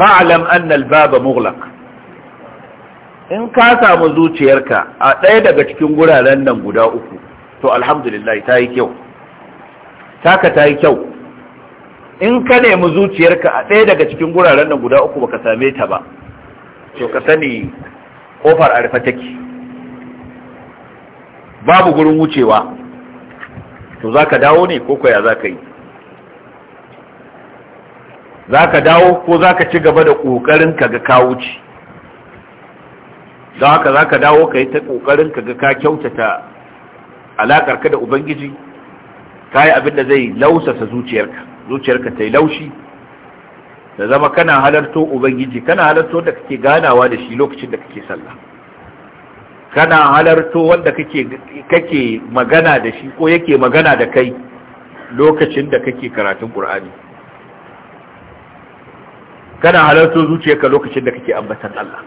fa'lam anna baba mughlaq in ka samu zuciyarka a ɗaya daga cikin guraren nan guda uku to alhamdulillah ta yi kyau taka ta yi kyau in ka nemi zuciyarka a ɗaya daga cikin guraren nan guda uku baka same ta ba to ka sani kofar a rufe take babu gurin wucewa to za ka dawo ne ko kwaya za ka yi za ka dawo ko za ka ci gaba da ƙoƙarin ka ga ka wuce don haka za ka dawo ka yi ta ƙoƙarin ka ga ka kyautata alaƙarka da ubangiji ka yi abin da zai lausasa zuciyarka zuciyarka ta yi laushi da zama kana halarto ubangiji kana halarto da kake ganawa da shi lokacin da kake sallah kana halarto wanda kake kake magana da shi ko yake magana da kai lokacin da kake karatun qur'ani kana halarto zuciyarka lokacin da kake ambatan Allah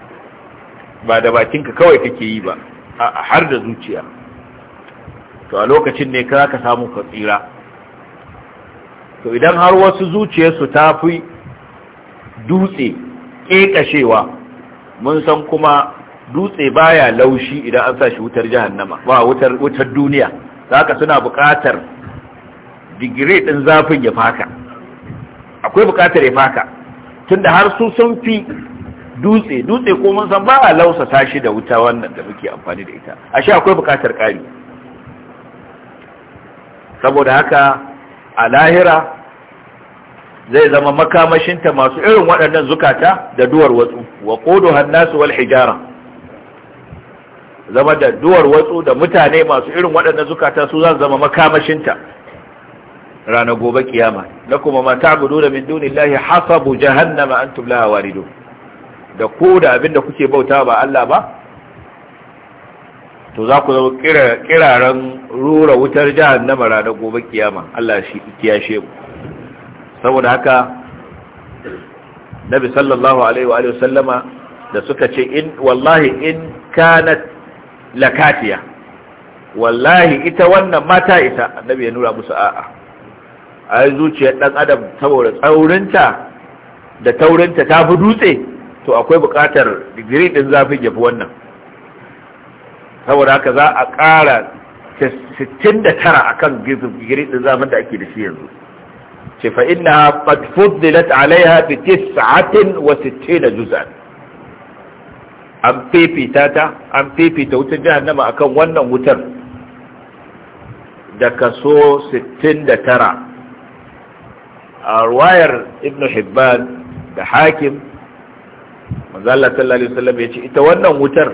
ba da bakinka kawai kake yi ba har da zuciya to a lokacin ne ka ka samu ka tsira to idan har wasu zuciyarsu ta fi dutse ƙeƙashewa mun san kuma dutse baya laushi idan an sa shi wutar jahannama ba wutar wutar duniya zaka suna buƙatar digire din zafin ya faka akwai buƙatar ya faka tunda har su sun fi dutse dutse ko mun san ba a lausa tashi da wuta wannan da muke amfani da ita ashe akwai buƙatar ƙari saboda haka a lahira zai zama makamashinta masu irin waɗannan zukata da duwar watsu wa hannasu wal hijara zama da duwar watsu da mutane masu irin waɗannan zukata su za zama makamashinta rana gobe kiyama na kuma mata ta'budu da min dunillahi hasabu jahannama antum laha da ko da abinda kuke bauta ba Allah ba to za ku zama kiraren rura wutar jihar jahannama ranar gobe kiyama Allah shi kiyashe mu saboda haka nabi sallallahu alaihi wa sallama da suka ce in wallahi in kanat lakatiya wallahi ita wannan mata ita nabi ya nura musu a'a ai zuciyar dan adam saboda tsaurinta da taurinta ta fi dutse to akwai bukatar digiri din zafin yafi wannan saboda haka za a ƙara 69 akan digiri din zaman da ake da shi yanzu ce fa inna qad fuddilat alaiha bi 69 juz'an an fifita ta an fifita wutar jahannama akan wannan wutar da kaso 69 a ruwayar ibn hibban da hakim manzo Allah sallallahu alaihi wasallam ce ita wannan wutar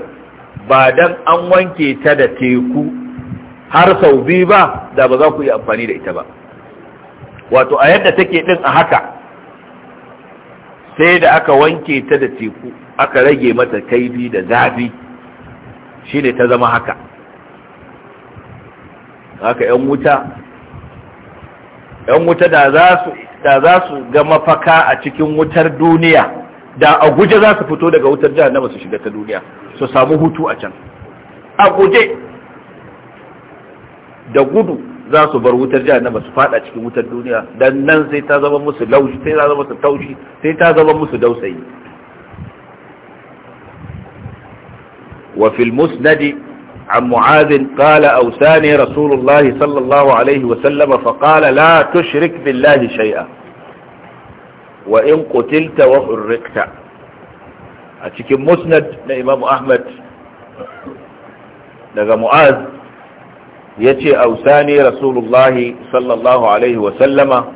ba dan an wanke ta da teku har sau biyu ba da ba za ku yi amfani da ita ba wato a yadda take din a haka sai da aka wanke ta da teku aka rage mata kaifi da zafi shi ne ta zama haka haka yan wuta yan wuta da za su ga mafaka a cikin wutar duniya da a guje za su fito daga wutar jihar na su shiga ta duniya su samu hutu a can a guje da gudu za su bar wutar jihar na ba faɗa cikin wutar duniya dan nan sai ta zama musu laushi sai ta zama su taushi sai ta zama musu dausayi wa fil musnadi an mu'adhin qala awsani sallallahu alaihi wa sallama fa ƙala la tushrik billahi shai'a. wa in qutilta wa hurriqta a cikin musnad na imamu ahmad daga mu'az ya ce ausani rasulullahi sallallahu alaihi wasallama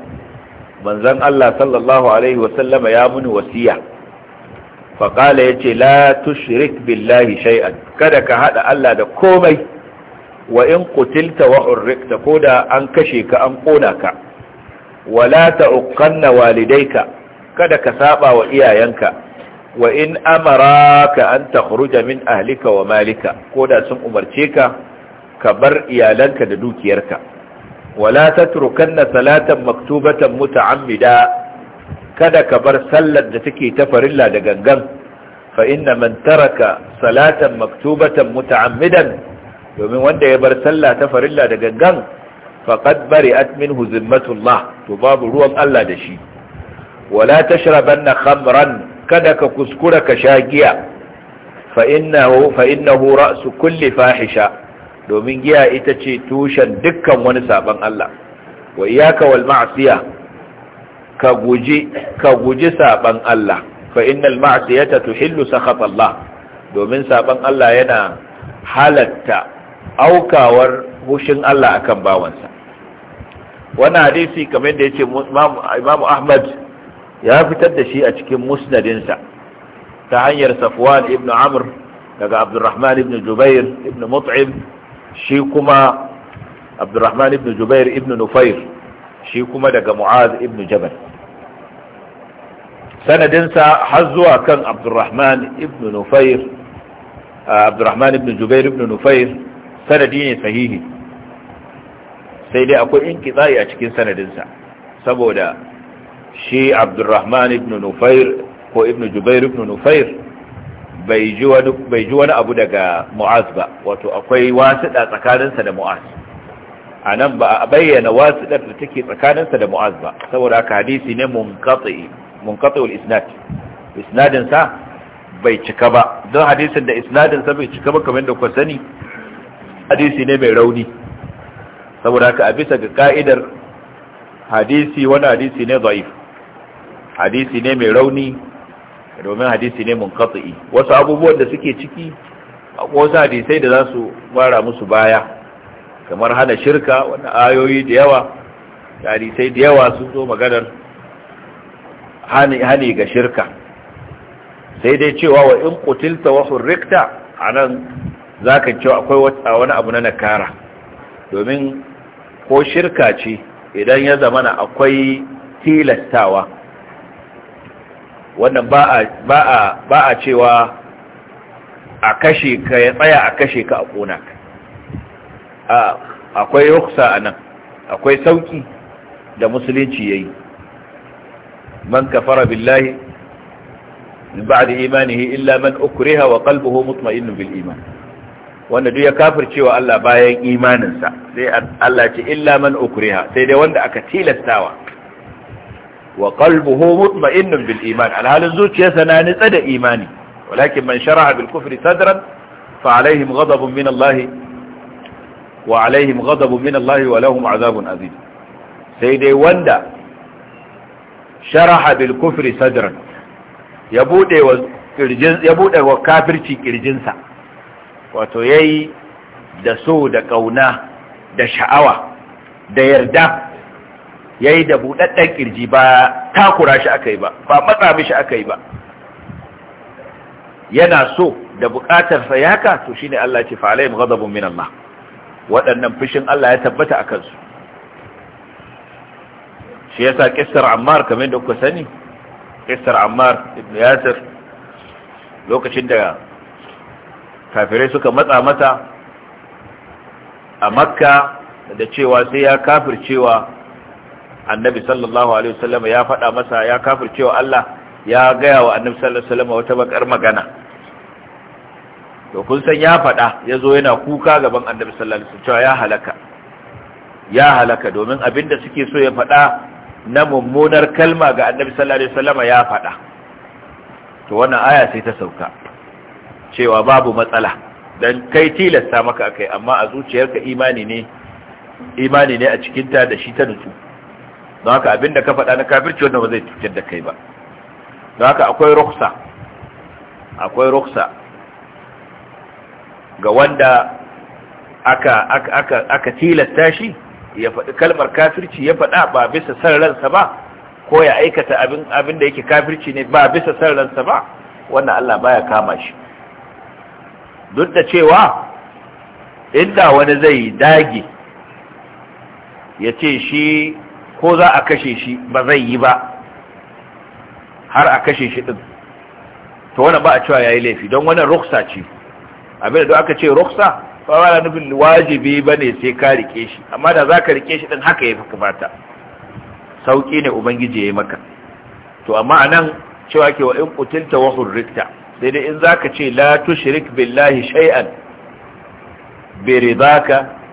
manzan Allah sallallahu alaihi wasallama ya muni wasiya faƙala ya ce la tushrik billahi shay'an kada ka haɗa Allah da komai wa in kutilta wa urrikta ko da an kashe ka an ƙona ka wala walidai walidaika kada ka saba wa iyayenka wa in ka an takhruja min ahlika wa malika ko da sun umarce ka ka bar iyalanka da dukiyarka wala na salatan maktubatan muta'ammida kada ka bar sallar da take ta farilla da gangan fa inna man taraka salatan maktubatan muta'ammidan domin wanda ya bar sallah ta farilla da gangan faqad bari'at minhu zimmatullah to babu ruwan Allah da shi wala tashrabanna khamran kada ka kuskura ka sha giya fa innahu ra'su kulli fahisha domin giya ita ce tushen dukkan wani saban Allah wa iyyaka wal ma'siya ka guji ka guji saban Allah fa innal ma'siyata tuhillu sakhat Allah domin saban Allah yana halatta aukawar hushin Allah akan bawansa wannan hadisi kamar da yace Imam Ahmad ya fitar da shi a cikin musnadinsa ta hanyar safwan ibn amr daga abdurrahman ibn jubair ibn mut'im shi kuma abdurrahman ibn jubair ibn nufair shi kuma daga mu'az ibn jabal sanadinsa har zuwa kan abdurrahman ibn nufair abdurrahman ibn jubair ibn nufair sanadi ne sahihi sai dai akwai inkizai a cikin sanadinsa saboda shi abdurrahman ibn nufair ko ibn jubair ibn nufair bai ji wani abu daga mu'az ba wato akwai wasiɗa tsakaninsa da mu'az a nan ba a bayyana wasiɗar da take tsakaninsa da mu'az ba saboda haka hadisi ne munkatsi'ul isnad isnadinsa bai cika ba don hadisin da isnadinsa bai cika ba kamar da ku sani hadisi ne mai rauni saboda haka a bisa ga ka'idar hadisi wani hadisi ne zaif hadisi ne mai rauni domin hadisi ne mun munqati wasu abubuwan da suke ciki akwai wasu hadisai da za su mara musu baya kamar hana shirka wani ayoyi da yawa hadisai da yawa sun zo maganar hani ga shirka sai dai cewa wa in rikta wa hurrikta za ka cewa akwai wani abu na nakara domin ko shirka ce idan ya zamana akwai tilastawa wannan ba a cewa a kashe ka ya tsaya a kashe ka a kona ka akwai ruksa a nan akwai sauki da musulunci ya yi man kafara billahi ba'da imanihi illa man ukriha wa qalbuhu mutma'innun bil iman wanda duk ya kafircewa Allah bayan imaninsa sai Allah ce illa man ukriha sai dai wanda aka tilastawa wa qalbuhu mutma'innun bil iman alhalin zuciyarsa na nitsa da imani walakin man shara'a bil kufri sadran fa alaihim ghadabun min Allah wa alaihim ghadabun min Allah wa lahum azabun azim sai dai wanda sharaha bil kufri sadran ya bude wa kirjin ya bude wa kafirci kirjinsa wato yayi da so da kauna da sha'awa da yarda Yayi da buɗaɗɗen ƙirji ba takura shi aka yi ba ba matsa mishi aka yi ba yana so da buƙatarsa ya haka to shine Allah ce fa alayhim ghadabun min Allah waɗannan fushin Allah ya tabbata a kansu. shi yasa kissar Ammar kamar da kuka sani kissar Ammar ibn Yasir lokacin da kafirai suka matsa mata a Makka da cewa sai ya kafircewa annabi sallallahu alaihi wasallam ya faɗa masa ya kafircewa Allah ya gaya wa annabi sallallahu alaihi wasallam wata bakar magana to kun san ya faɗa ya zo yana kuka gaban annabi sallallahu alaihi wasallam ya halaka ya halaka domin abinda suke so ya faɗa na mummunar kalma ga annabi sallallahu alaihi wasallam ya faɗa to wannan aya sai ta sauka cewa babu matsala dan kai tilasta maka kai, amma a zuciyarka imani ne imani ne a cikinta da shi ta nutsu don haka da ka faɗa na kafirci wanda ba zai cutar da kai ba don haka akwai ruksa akwai ruksa ga wanda aka aka aka tilasta shi ya faɗi kalmar kafirci ya faɗa ba bisa san ransa ba ko ya aikata abin abin da yake kafirci ne ba bisa san ransa ba wannan Allah baya kama shi duk da cewa inda wani zai dage ya ce shi ko za a kashe shi ba zai yi ba har a kashe shi din to wannan ba a cewa yayi laifi don wannan ruksa ce abin da aka ce ruksa ba wala nufin wajibi bane sai ka rike shi amma da zaka rike shi din haka yafi kamata sauki ne ubangiji ya yi maka to amma anan cewa ke wa in qutilta wa hurrikta sai dai in zaka ce la tushrik billahi shay'an bi ridaka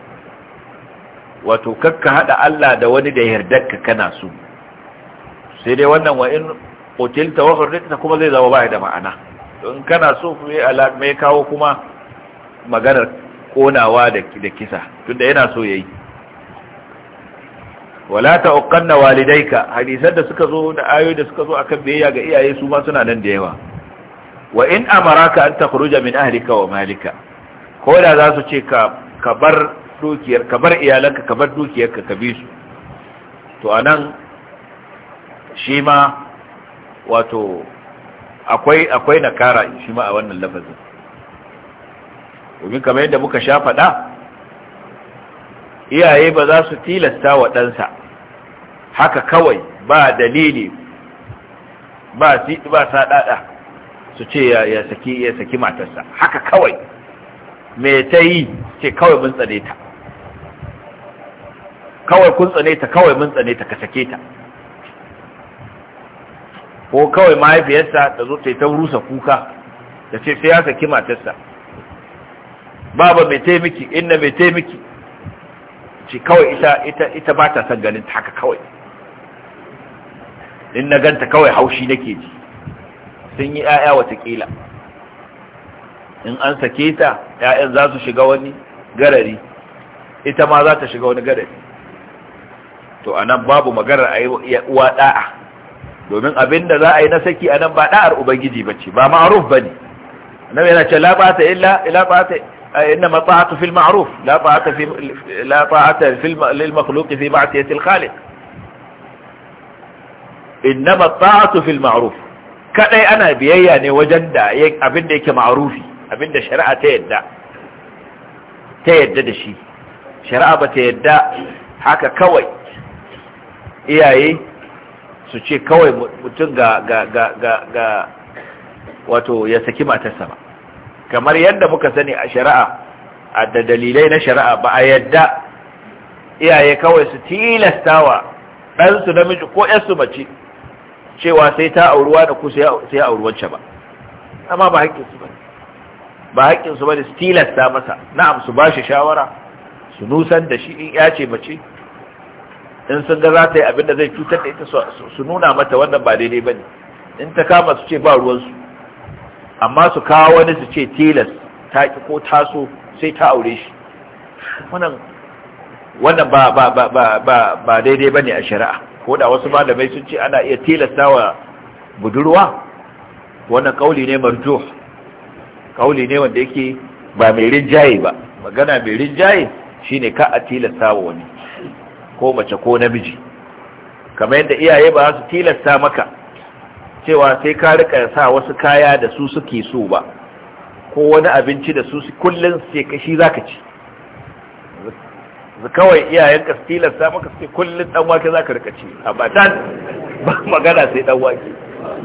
wato kakka hada Allah da wani da yardarka kana so sai dai wannan wa in ta, wa rita, kuma zai zama baya da ma'ana in kana so ku yi mai kawo kuma maganar konawa da kisa tunda yana so yayi wala walidai walidayka hadisan da suka zo da ayoyi da suka zo akan biyayya ga iyaye su ma suna nan da yawa wa in ka an takhruja min ahlika wa malika ko da za su ce ka ka bar dukiyar ka iyalanka ka bar dukiyarka ka bi su to anan shi ma wato akwai akwai nakara shi ma a wannan lafazin domin kamar yadda muka sha faɗa iyaye ba za su tilasta wa ɗansa haka kawai ba dalili ba si ba saɗaɗa su ce ya saki ya saki matarsa haka kawai me ta yi ce kawai mun tsane ta kawai kun tsane ta kawai mun tsane ta ka sake ta ko kawai mahaifiyarsa ta zo ta yi ta rusa kuka ta ce sai ya saki matarsa baba mai taimaki inna mai taimaki ce kawai ita ita ita ba ta son ganin ta haka kawai in na ganta kawai haushi nake ji sun yi 'ya'ya watakila in an sake ta 'ya'yan za su shiga wani garari ita ma za ta shiga wani garari to anan babu maganar a yi uwa da'a domin abin da za a yi na saki anan ba da'ar ubangiji ba ce ba ma'aruf ba ne annabi yana ce la ba ta illa ila ba ta إنما طاعة في المعروف لا طاعة في لا طاعة في الم... للمخلوق في معصية الخالق إنما الطاعة في المعروف كأي أنا بيي أنا وجند أبن ديك معروفي أبن دي شرعة تيدى تيدى دشي شرعة بتيدى حكا كوي iyaye su ce kawai mutum ga ga ga ga ga wato ya saki matarsa ba kamar yadda muka sani a shari'a a da dalilai na shari'a ba a yadda iyaye kawai su tilastawa ɗansu namiji ko ƴarsu mace cewa sai ta auruwa da ku sai ya auruwar ba amma ba haƙƙinsu ba ba haƙƙinsu ba ne su tilasta masa na'am su ba shi shawara su nusan da shi in ya ce mace in sun ga za ta yi abin da zai cutar da ita su nuna mata wannan ba daidai ba in ta kama su ce ba ruwansu amma su kawo wani su ce tilas ta ki ko taso sai ta aure shi wannan wannan ba ba ba ba ba daidai ba a shari'a ko da wasu malamai sun ce ana iya tilasta wa budurwa wannan kauli ne marjo kauli ne wanda yake ba mai rinjaye ba magana mai rinjaye shine ka a tilasta wa wani ko mace ko namiji kamar yadda iyaye ba su tilasta maka cewa sai ka rika sa wasu kaya da su suke so ba ko wani abinci da su kullum sai kashi zaka ci kawai iyayen ka tilasta maka sai kullum dan wake zaka rika ci abatan ba magana sai dan wake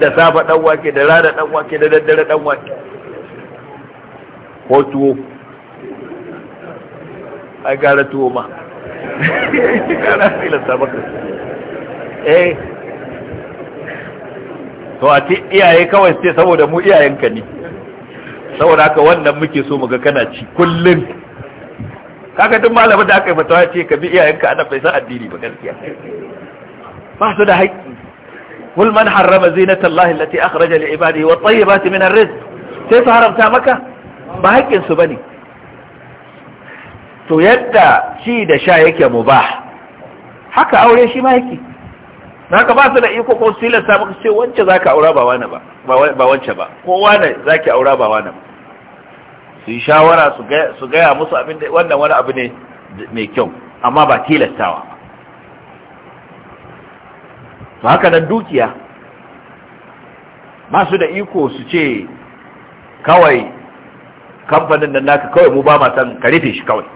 da safa dan wake da rana dan wake da daddare dan wake ko tuwo ai gara tuwo ma eh to a ce iyaye kawai sai saboda mu iyayenka ne saboda haka wannan muke so muga kana ci kullum kaga duk malamin da aka yi fatawa ce ka bi iyayenka ana bai san addini ba gaskiya ba su da haƙƙi kul man harrama zinatallahi allati akhraja li ibadihi wa tayyibati min ar-rizq sai su haramta maka ba haƙƙin su bane to yadda ci da sha yake mubah haka aure shi ma yake ka ba su da iko ko sila sa maka ce wance ka aura ba wane ba ba wance ba ko za ki aura ba wane ba su yi shawara su gaya musu abin da wannan wani abu ne mai kyau amma ba tilastawa to haka nan dukiya ba su da iko su ce kawai kamfanin nan naka kawai mu ba matan karife ka rufe shi kawai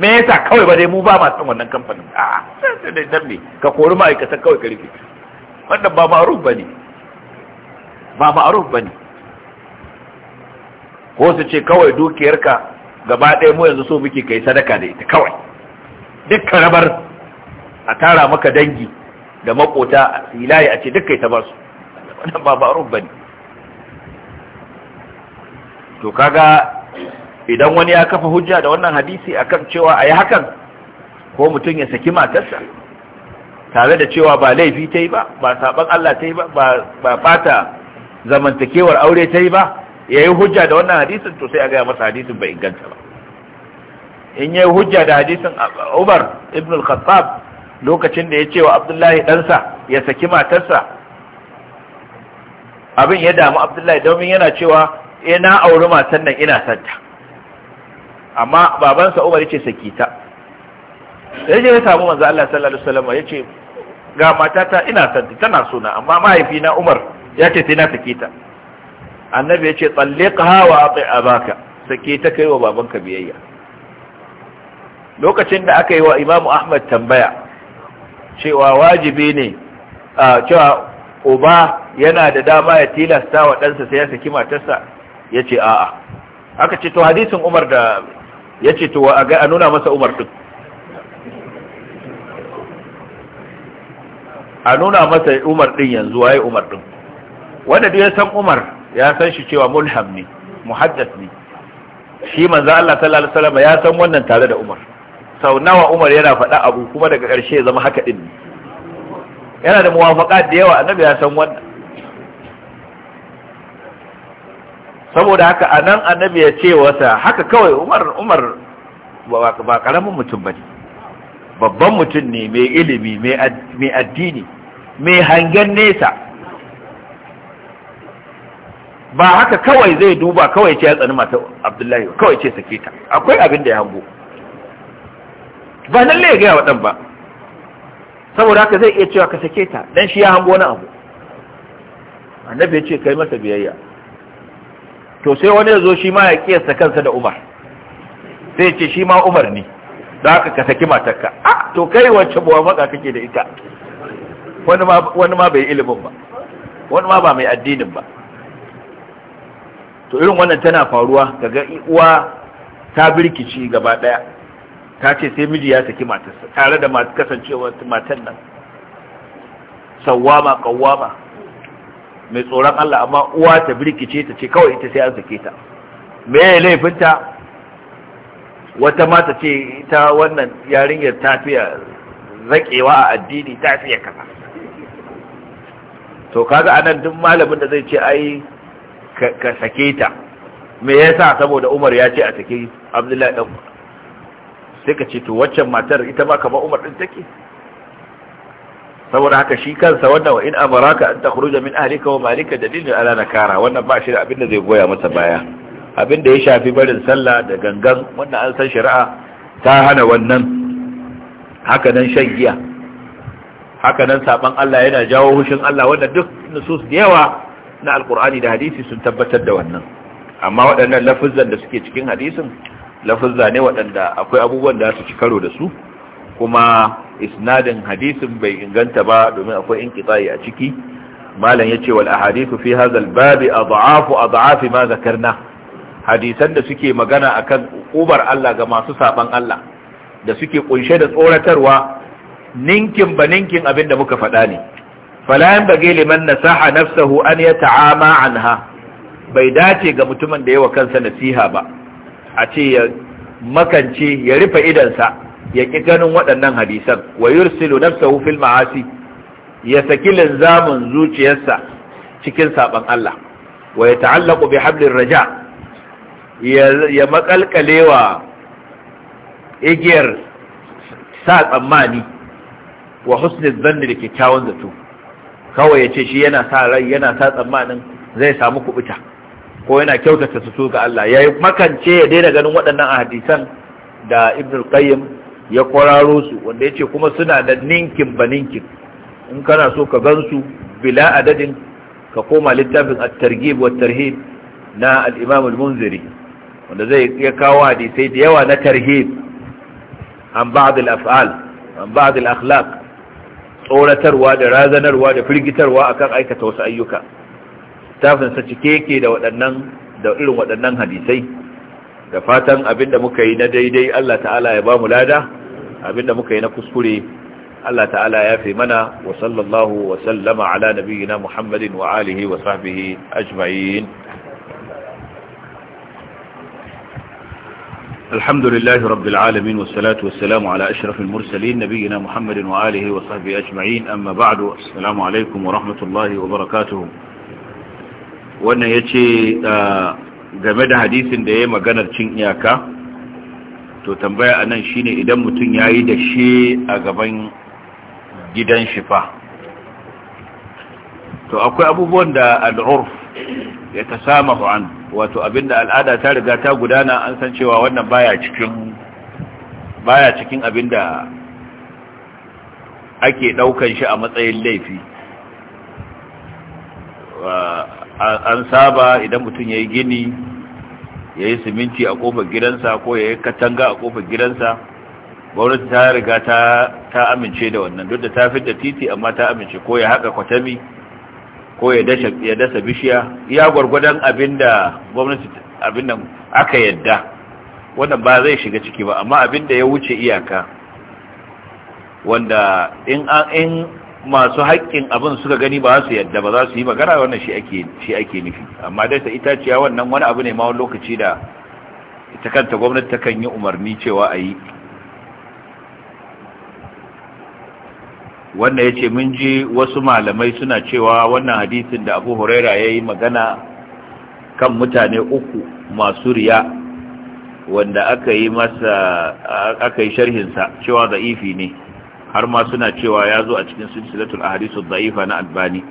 me yasa kawai ba dai mu ba masu wannan kamfanin a sai dai dan me ka kori ma'aikatan kawai ka rufe wannan ba ma'ruf bane ba ma'ruf bane ko su ce kawai dukiyarka gaba ɗaya mu yanzu so muke kai sadaka da ita kawai duk karabar a tara maka dangi da makota filaye a ce duk kai ta ba su wannan ba ma'ruf bane to kaga idan wani ya kafa hujja da wannan hadisi akan cewa ayi hakan ko mutum ya saki matarsa tare da cewa ba laifi ta yi ba ba sabon Allah ta yi ba ba fata zamantakewar aure ta yi ba ya yi hujja da wannan hadisin to sai a gaya masa hadisin bai inganta ba in ya yi hujja da hadisin umar ibn al-khattab lokacin da ya ce wa abdullahi ɗansa ya saki matarsa abin ya damu abdullahi domin yana cewa ina eh, auri matan nan ina santa amma babansa Umar yace saki ta yaje ya samu manzo Allah sallallahu alaihi wasallam yace ga matata ina son tana so na amma mahaifina Umar ya ce sai na saki ta annabi yace talliqha wa ati abaka sake ta kai wa babanka biyayya lokacin da aka yi wa Imamu Ahmad tambaya cewa wajibi ne cewa uba yana da dama ya tilasta wa ɗansa sai ya saki matarsa ya ce a'a aka ce to hadisin umar da ya ce to a ga a nuna masa umar ɗin a nuna masa umar ɗin yanzu waye umar ɗin wanda duk ya san umar ya san shi cewa mulham ne muhaddas ne shi manzo Allah sallallahu alaihi wasallam ya san wannan tare da umar sau nawa umar yana faɗa abu kuma daga ƙarshe ya zama haka ɗin yana da muwafaka da yawa annabi ya san wannan saboda haka a nan annabi ya ce wata haka kawai umar umar ba karamin mutum ba ne babban mutum ne mai ilimi mai addini mai hangen nesa ba haka kawai zai duba kawai ce ya tsani mata abdullahi kawai ce sake ta akwai abin da ya hango ba nan ya gaya waɗan ba saboda haka zai iya cewa ka sake ta don shi ya hango na abu annabi ya ce kai masa biyayya to sai wani ya zo shi ma ya kiyasta kansa da umar sai ya ce shi ma umar ne da haka ka saki matarka a ah, to kai wacce buwa maka kake da ita wani ma bai ilimin ba wani ma ba mai addinin ba to irin wannan tana faruwa kaga uwa ta birkici gaba daya ta ce sai miji ya saki matarsa tare da kasancewar matan nan sawwama kawwama mai tsoron Allah amma uwa ta birkice ta ce kawai ita sai an sake ta me ya laifinta wata mata ce ita wannan yarinyar tafiya fiya zakewa a addini ta fiya kaza to kaga anan duk malamin da zai ce ai ka sake ta me yasa saboda Umar ya ce a sake Abdullahi dan sai ka ce to waccan matar ita ma kamar Umar din take saboda haka shi kansa wannan wa in amaraka an takhruja min ahlika wa malika dalilun ala nakara wannan ba shi da abin da zai goya masa baya abin da ya shafi barin sallah da gangan wannan an san shari'a ta hana wannan haka nan shan giya haka nan saban Allah yana jawo hushin Allah wannan duk nusus da yawa na alqur'ani da hadisi sun tabbatar da wannan amma waɗannan lafuzan da suke cikin hadisin lafuzza ne waɗanda akwai abubuwan da su ci karo da su kuma isnadin hadisin bai inganta ba domin akwai inqita'i a ciki malam yace wal ahadithu fi hadha al babi adhafu adhafi ma zakarna hadisan da suke magana akan ubar Allah ga masu saban Allah da suke kunshe da tsoratarwa ninkin ba ninkin abin da muka faɗa ne falayan bage liman nasaha nafsahu an ya ta'ama anha bai dace ga mutumin da yawa kansa nasiha ba a ce ya makance ya rufe sa. ya ki ganin waɗannan hadisan wa yursilu nafsahu fil ma'asi ya saki linzamin zuciyarsa cikin saban Allah wa ya ta'allaqu bi hablir raja ya makalkalewa igiyar sa tsammani wa husnul zanni da kyakkyawan zato kawai ya ce shi yana sa rai yana sa tsammanin zai samu kubuta ko yana kyautata su ga Allah ya makance ya daina ganin waɗannan hadisan da ibn qayyim ya kwararo su wanda yace kuma suna da ninkin ba ninkin in kana so ka gansu bila adadin ka koma littafin at-targhib wa tarhib na al al-munziri wanda zai iya kawo hadisai da yawa na tarhib an ba'd afal an al-akhlaq tsoratarwa da razanarwa da firgitarwa akan aikata wasu ayyuka tafin sa cike yake da waɗannan da irin waɗannan hadisai da fatan abinda muka yi na daidai Allah ta'ala ya ba mu lada abinda muka yi na kuskure Allah ta'ala ya fi mana wa sallallahu wa sallama ala nabiyyina Muhammadin wa alihi wa sahbihi ajma'in salatu wa رب العالمين والصلاة والسلام على أشرف المرسلين نبينا محمد وآله وصحبه أجمعين أما بعد السلام wa ورحمة wa وبركاته wannan ya ce ah, game da hadisin da ya maganar cin iyaka to tambaya a nan shine idan mutum ya yi da shi a gaban gidan shifa to akwai abubuwan da al'urf ya ta sama an wato abinda al'ada ta riga ta gudana an san cewa wannan baya cikin baya cikin abinda ake daukan shi a matsayin laifi an saba idan mutum ya yi gini ya yi siminti a kofar gidansa ko ya yi katanga a kofar gidansa gwamnati ta riga ta amince da wannan duk da ta fi da titi amma ta amince ko ya haƙa kwatami ko ya dasa bishiya ya gwargwadon abin da gwamnati abin da aka yadda wannan ba zai shiga ciki ba amma abin da ya wuce iyaka wanda in masu haƙƙin abin suka gani ba su yadda ba za su yi magana wannan shi ake nufi amma dai ta itaciya wannan wani abu ne ma wani lokaci da ita kanta gwamnati ta kan yi umarni cewa a yi Wannan ya ce mun ji wasu malamai suna cewa wannan hadisin da abu huraira ya yi magana kan mutane uku masu riya wanda aka yi masa aka yi sharhinsa cewa za'ifi ne har ma suna cewa ya zo a cikin silsilatul ahadisu da'ifa na albani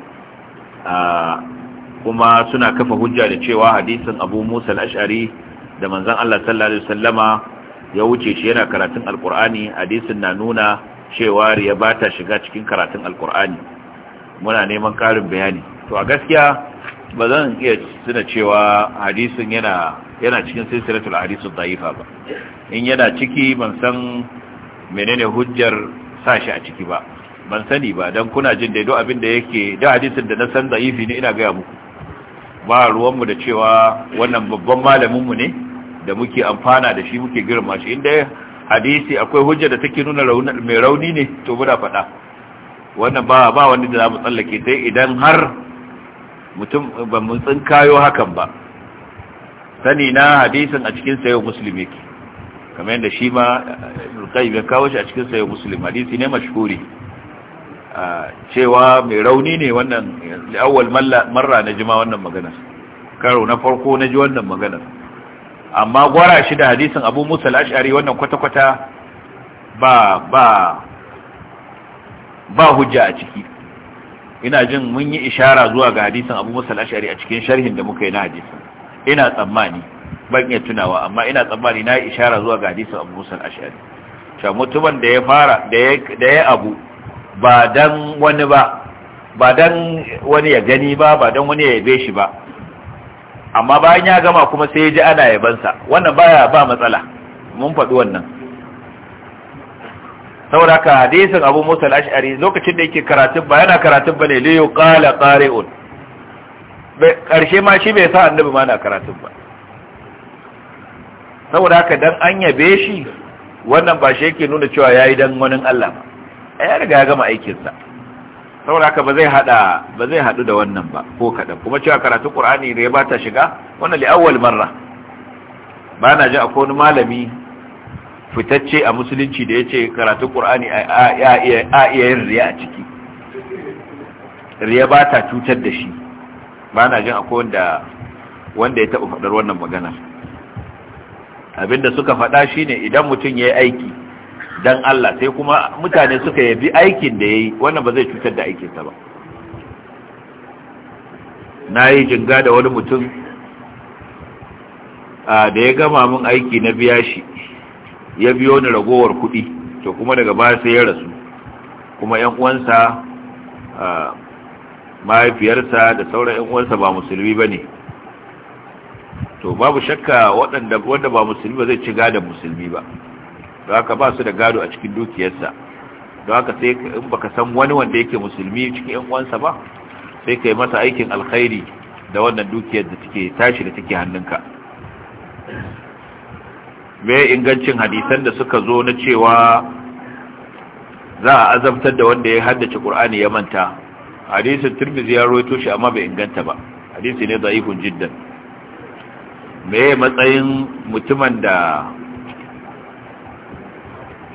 kuma suna kafa hujja da cewa hadisin abu musa al-ash'ari da manzon Allah sallallahu alaihi wasallama ya wuce shi yana karatun alqur'ani hadisin na nuna cewa ya ba ta shiga cikin karatun alqur'ani muna neman karin bayani to a gaskiya ba zan iya suna cewa hadisin yana yana cikin silsilatul ahadisu da'ifa ba in yana ciki ban san menene hujjar sa shi a ciki ba ban sani ba don kuna jin daidai abin da yake da hadisin da na san zaifi ne ina gaya muku ba ruwanmu da cewa wannan babban malaminmu ne da muke amfana da shi muke girma shi inda hadisi akwai hujja da take nuna mai rauni ne to muna faɗa wannan ba ba wani da za mu tsallake sai idan har mutum ba mun tsinkayo hakan ba sani na hadisin a cikin sayo musulmi yake kamar yadda shi ma eh, ibn bai kawo shi a cikin sayo musulun hadisi ne mashhuri ah, cewa mai rauni ne wannan awwal marra na jima wannan maganar karo na farko na ji wannan maganar amma gwara shi da hadisin abu musa al-ash'ari wannan kwata-kwata ba ba ba hujja a ciki ina jin mun yi ishara zuwa ga hadisin abu musa al-ash'ari a cikin sharhin da muka yi na hadisin ina tsammani ban iya tunawa amma ina tsammani na ishara zuwa ga hadisi Abu Musa al-Ash'ari cewa mutumin da ya fara da ya abu ba dan wani ba ba dan wani ya gani ba ba dan wani ya yabe shi ba amma bayan ya gama kuma sai ya ji ana yabansa wannan baya ba matsala mun faɗi wannan saboda haka hadisin Abu Musa al-Ash'ari lokacin da yake karatun ba yana karatun bane Liyu, yuqala qari'un karshe ma shi bai sa annabi ma na karatun ba saboda haka dan an yabe shi wannan ba shi yake nuna cewa yayi dan wannan Allah ba ya riga ya gama aikin sa saboda haka ba zai hada ba zai hadu da wannan ba ko kada kuma cewa karatu Qur'ani da ya bata shiga wannan li awwal marra ba na ji akwai wani malami fitacce a musulunci da yace karatu Qur'ani a iya yin riya a ciki riya bata cutar da shi ba na ji akwai wanda wanda ya taɓa faɗar wannan magana abinda suka faɗa shine idan mutum ya yi aiki dan Allah sai kuma mutane suka yabi aikin da ya yi wannan ba zai cutar da aikinsa ba na yi jinga da wani mutum da ya gama min aiki na biya shi ya biyo ni ragowar kuɗi to kuma daga baya sai ya rasu kuma yan uwansa mahaifiyarsa da sauran yan uwansa ba musulmi ba ne to babu shakka waɗanda wanda ba musulmi ba zai ci gadon musulmi ba don haka ba su da gado a cikin dukiyarsa don haka sai in baka san wani wanda yake musulmi cikin yan uwansa ba sai kai masa aikin alkhairi da wannan dukiyar da take tashi da take hannunka me ingancin hadisan da suka zo na cewa za a azabtar da wanda ya haddace Qur'ani ya manta hadisin Tirmidhi ya rawaito shi amma bai inganta ba hadisi ne da'ifun jiddan me matsayin mutumin da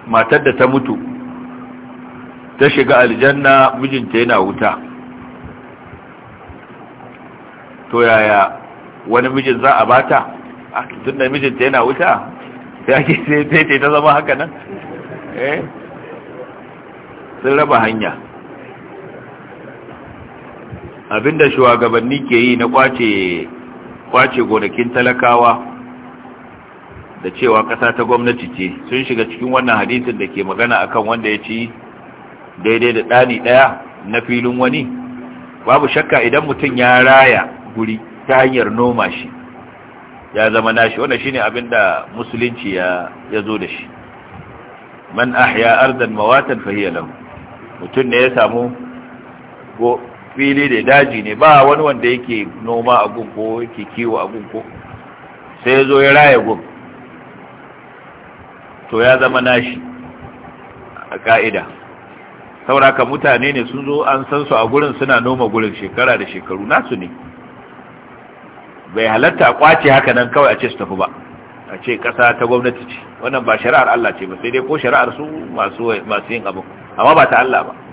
matar da ta mutu ta shiga aljanna mijinta yana wuta to yaya wani mijin za a bata ah, tun da mijinta yana wuta ya ke tete ta zama haka nan eh sun raba hanya abinda shugabanni ke yi na kwace kwace gonakin talakawa da cewa ƙasa ta gwamnati ce sun shiga cikin wannan hadisin da ke magana akan wanda ya ci daidai da ɗani ɗaya na filin wani babu shakka idan mutum ya raya guri ta hanyar noma shi ya zama nashi wannan shine abin da musulunci ya zo da shi man ahya ardan mawatan fa hiya mutum ne ya samu fili da daji ne ba wani wanda yake noma a gun ko yake kiwo a gun ko sai zo ya raya gun to ya zama nashi a ka'ida sauraka mutane ne sun zo an san su a gurin suna noma gurin shekara da shekaru nasu ne bai halatta kwace haka nan kawai a ce su tafi ba a ce kasa ta gwamnati ce wannan ba shari'ar Allah ce ba sai dai ko shari'ar su masu yin abu amma ba ta Allah ba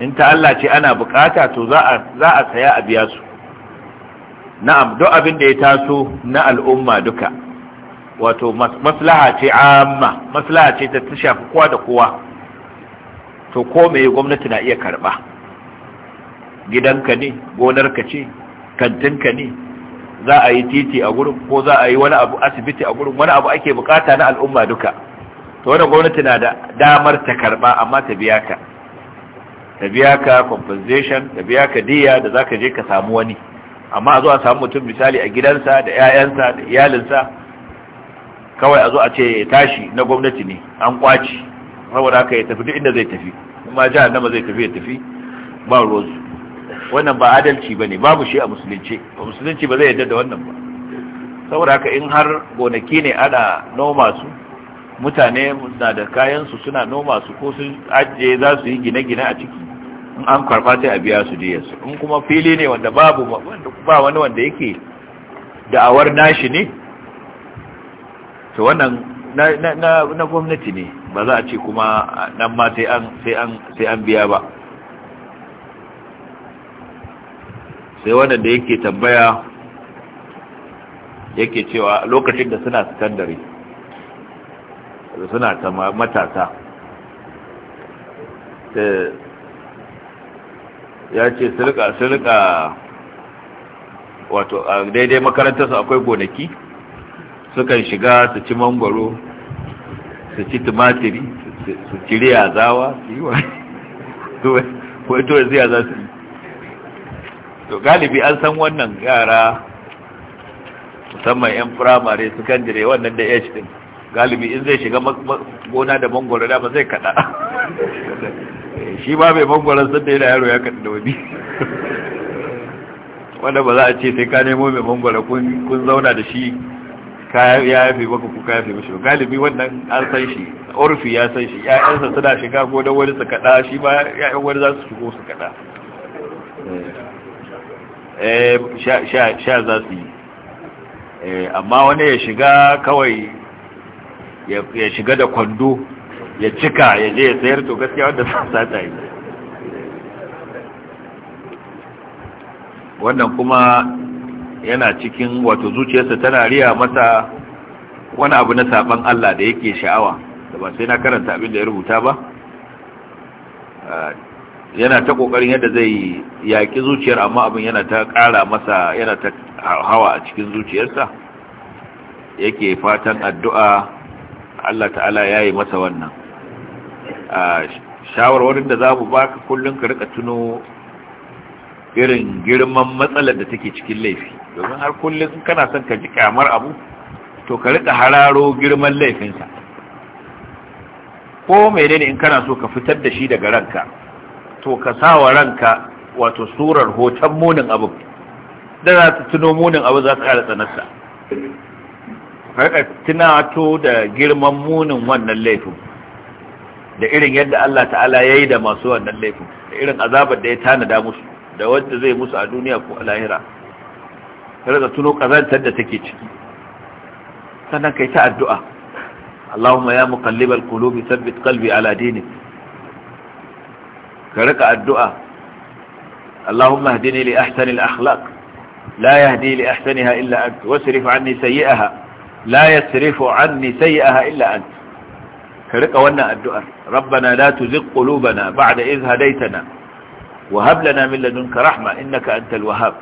in ta Allah ce ana bukata to za a saya a biya su na'am duk abin da ya taso na al'umma duka wato maslaha ce amma maslaha ce ta shafi kowa da kowa to ko me gwamnati na iya karba gidanka ne gonarka ce kantinka ne za a yi titi a gurin ko za a yi wani abu asibiti a gurin wani abu ake bukata na al'umma duka to wannan gwamnati na da damar ta karba amma ta biya ka ta biya ka compensation ta biya ka diya da zaka je ka samu wani amma a zo a samu mutum misali a gidansa da 'ya'yansa da iyalinsa kawai a zo a ce tashi na gwamnati ne an kwaci saboda haka ya tafi duk inda zai tafi kuma nama zai tafi ya tafi ba rozu wannan ba adalci ba ne babu shi a musulunci ba musulunci ba zai yarda da wannan ba saboda haka in har gonaki ne ana noma su mutane na da kayan su suna noma su ko sun ajiye za su yi gine-gine a ciki an karɓa sai a biya su diyarsu in kuma fili ne wanda babu ba wani wanda yake da'awar nashi ne to wannan na gwamnati ne ba za a ce kuma nan ma sai an biya ba sai wannan da yake tambaya yake cewa lokacin da suna sakandare suna matasa eh, ya ce silka silka wato daidai makarantarsu akwai gonaki sukan shiga su ci mangwaro su ci tumatiri su cire yazawa su yi wani to yanzu yaza su yi to galibi an san wannan yara musamman 'yan firamare su kan jire wannan da h din galibi in zai shiga gona da mangwaro da ba zai kada shi ba mangwaran mangwaron sanda yana yaro ya kaɗi da wani wanda ba za a ce sai ka nemo mai mangwaran kun zauna da shi ya yafe maka ku ka yafe mashi galibi wannan an san shi orfi ya san shi ya'yansa suna shiga ko don wani su kaɗa shi ba yayan wani za su shigo su kaɗa eh, sha za su yi eh, amma wani ya shiga kawai ya shiga da kwando ya cika ya je ya sayar to gaskiya wanda ta yi wannan kuma yana cikin wato zuciyarsa tana riya masa wani abu na saban Allah da yake sha'awa da ba sai na karanta abin da ya rubuta ba yana ta kokarin yadda zai yaki zuciyar amma abin yana ta kara masa yana ta hawa a cikin zuciyarsa yake fatan addu'a Allah ta'ala ya yi masa wannan shawarwarin da za mu baka kullum ka rika tuno irin girman matsalar da take cikin laifi domin har kullum kana son ka ji kamar abu to ka rika hararo girman laifinsa ko menene in kana so ka fitar da shi daga ranka to ka sa wa ranka wato surar hoton munin abu da za ta tuno munin abu za ta kara tsanarsa ka rika tunato da girman munin wannan laifin da irin yadda Allah ta'ala ya yi da masu wannan laifin da irin azabar da ya tanada musu da wanda zai musu a duniya ko a lahira rika tuno kazantar da take ciki sannan kai ta addu'a Allahumma ya muqallibal qulubi thabbit qalbi ala dinik ka raka addu'a Allahumma hdini li ahsani al-akhlaq la yahdi li ahsaniha illa ant wasrif anni sayyi'aha la yasrifu anni sayyi'aha illa ant ka rika wannan addu'ar rabbana la tuzigh qulubana ba'da idh hadaytana wa hab lana min ladunka rahma innaka antal wahhab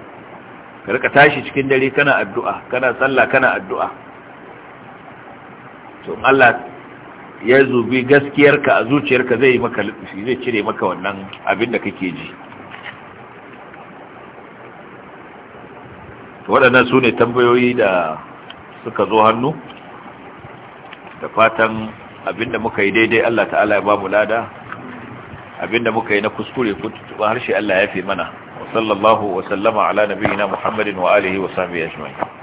ka rika tashi cikin dare kana addu'a kana sallah kana addu'a to Allah ya zubi gaskiyarka a zuciyarka zai maka zai cire maka wannan abin da kake ji waɗannan su ne tambayoyi da suka zo hannu da fatan abinda muka yi daidai Allah ta'ala ya mu lada abinda muka yi na kuskure kutuba harshe Allah ya fi mana wa sallallahu wa ala nabiyina Muhammadin wa alihi wa sahbihi ajma'in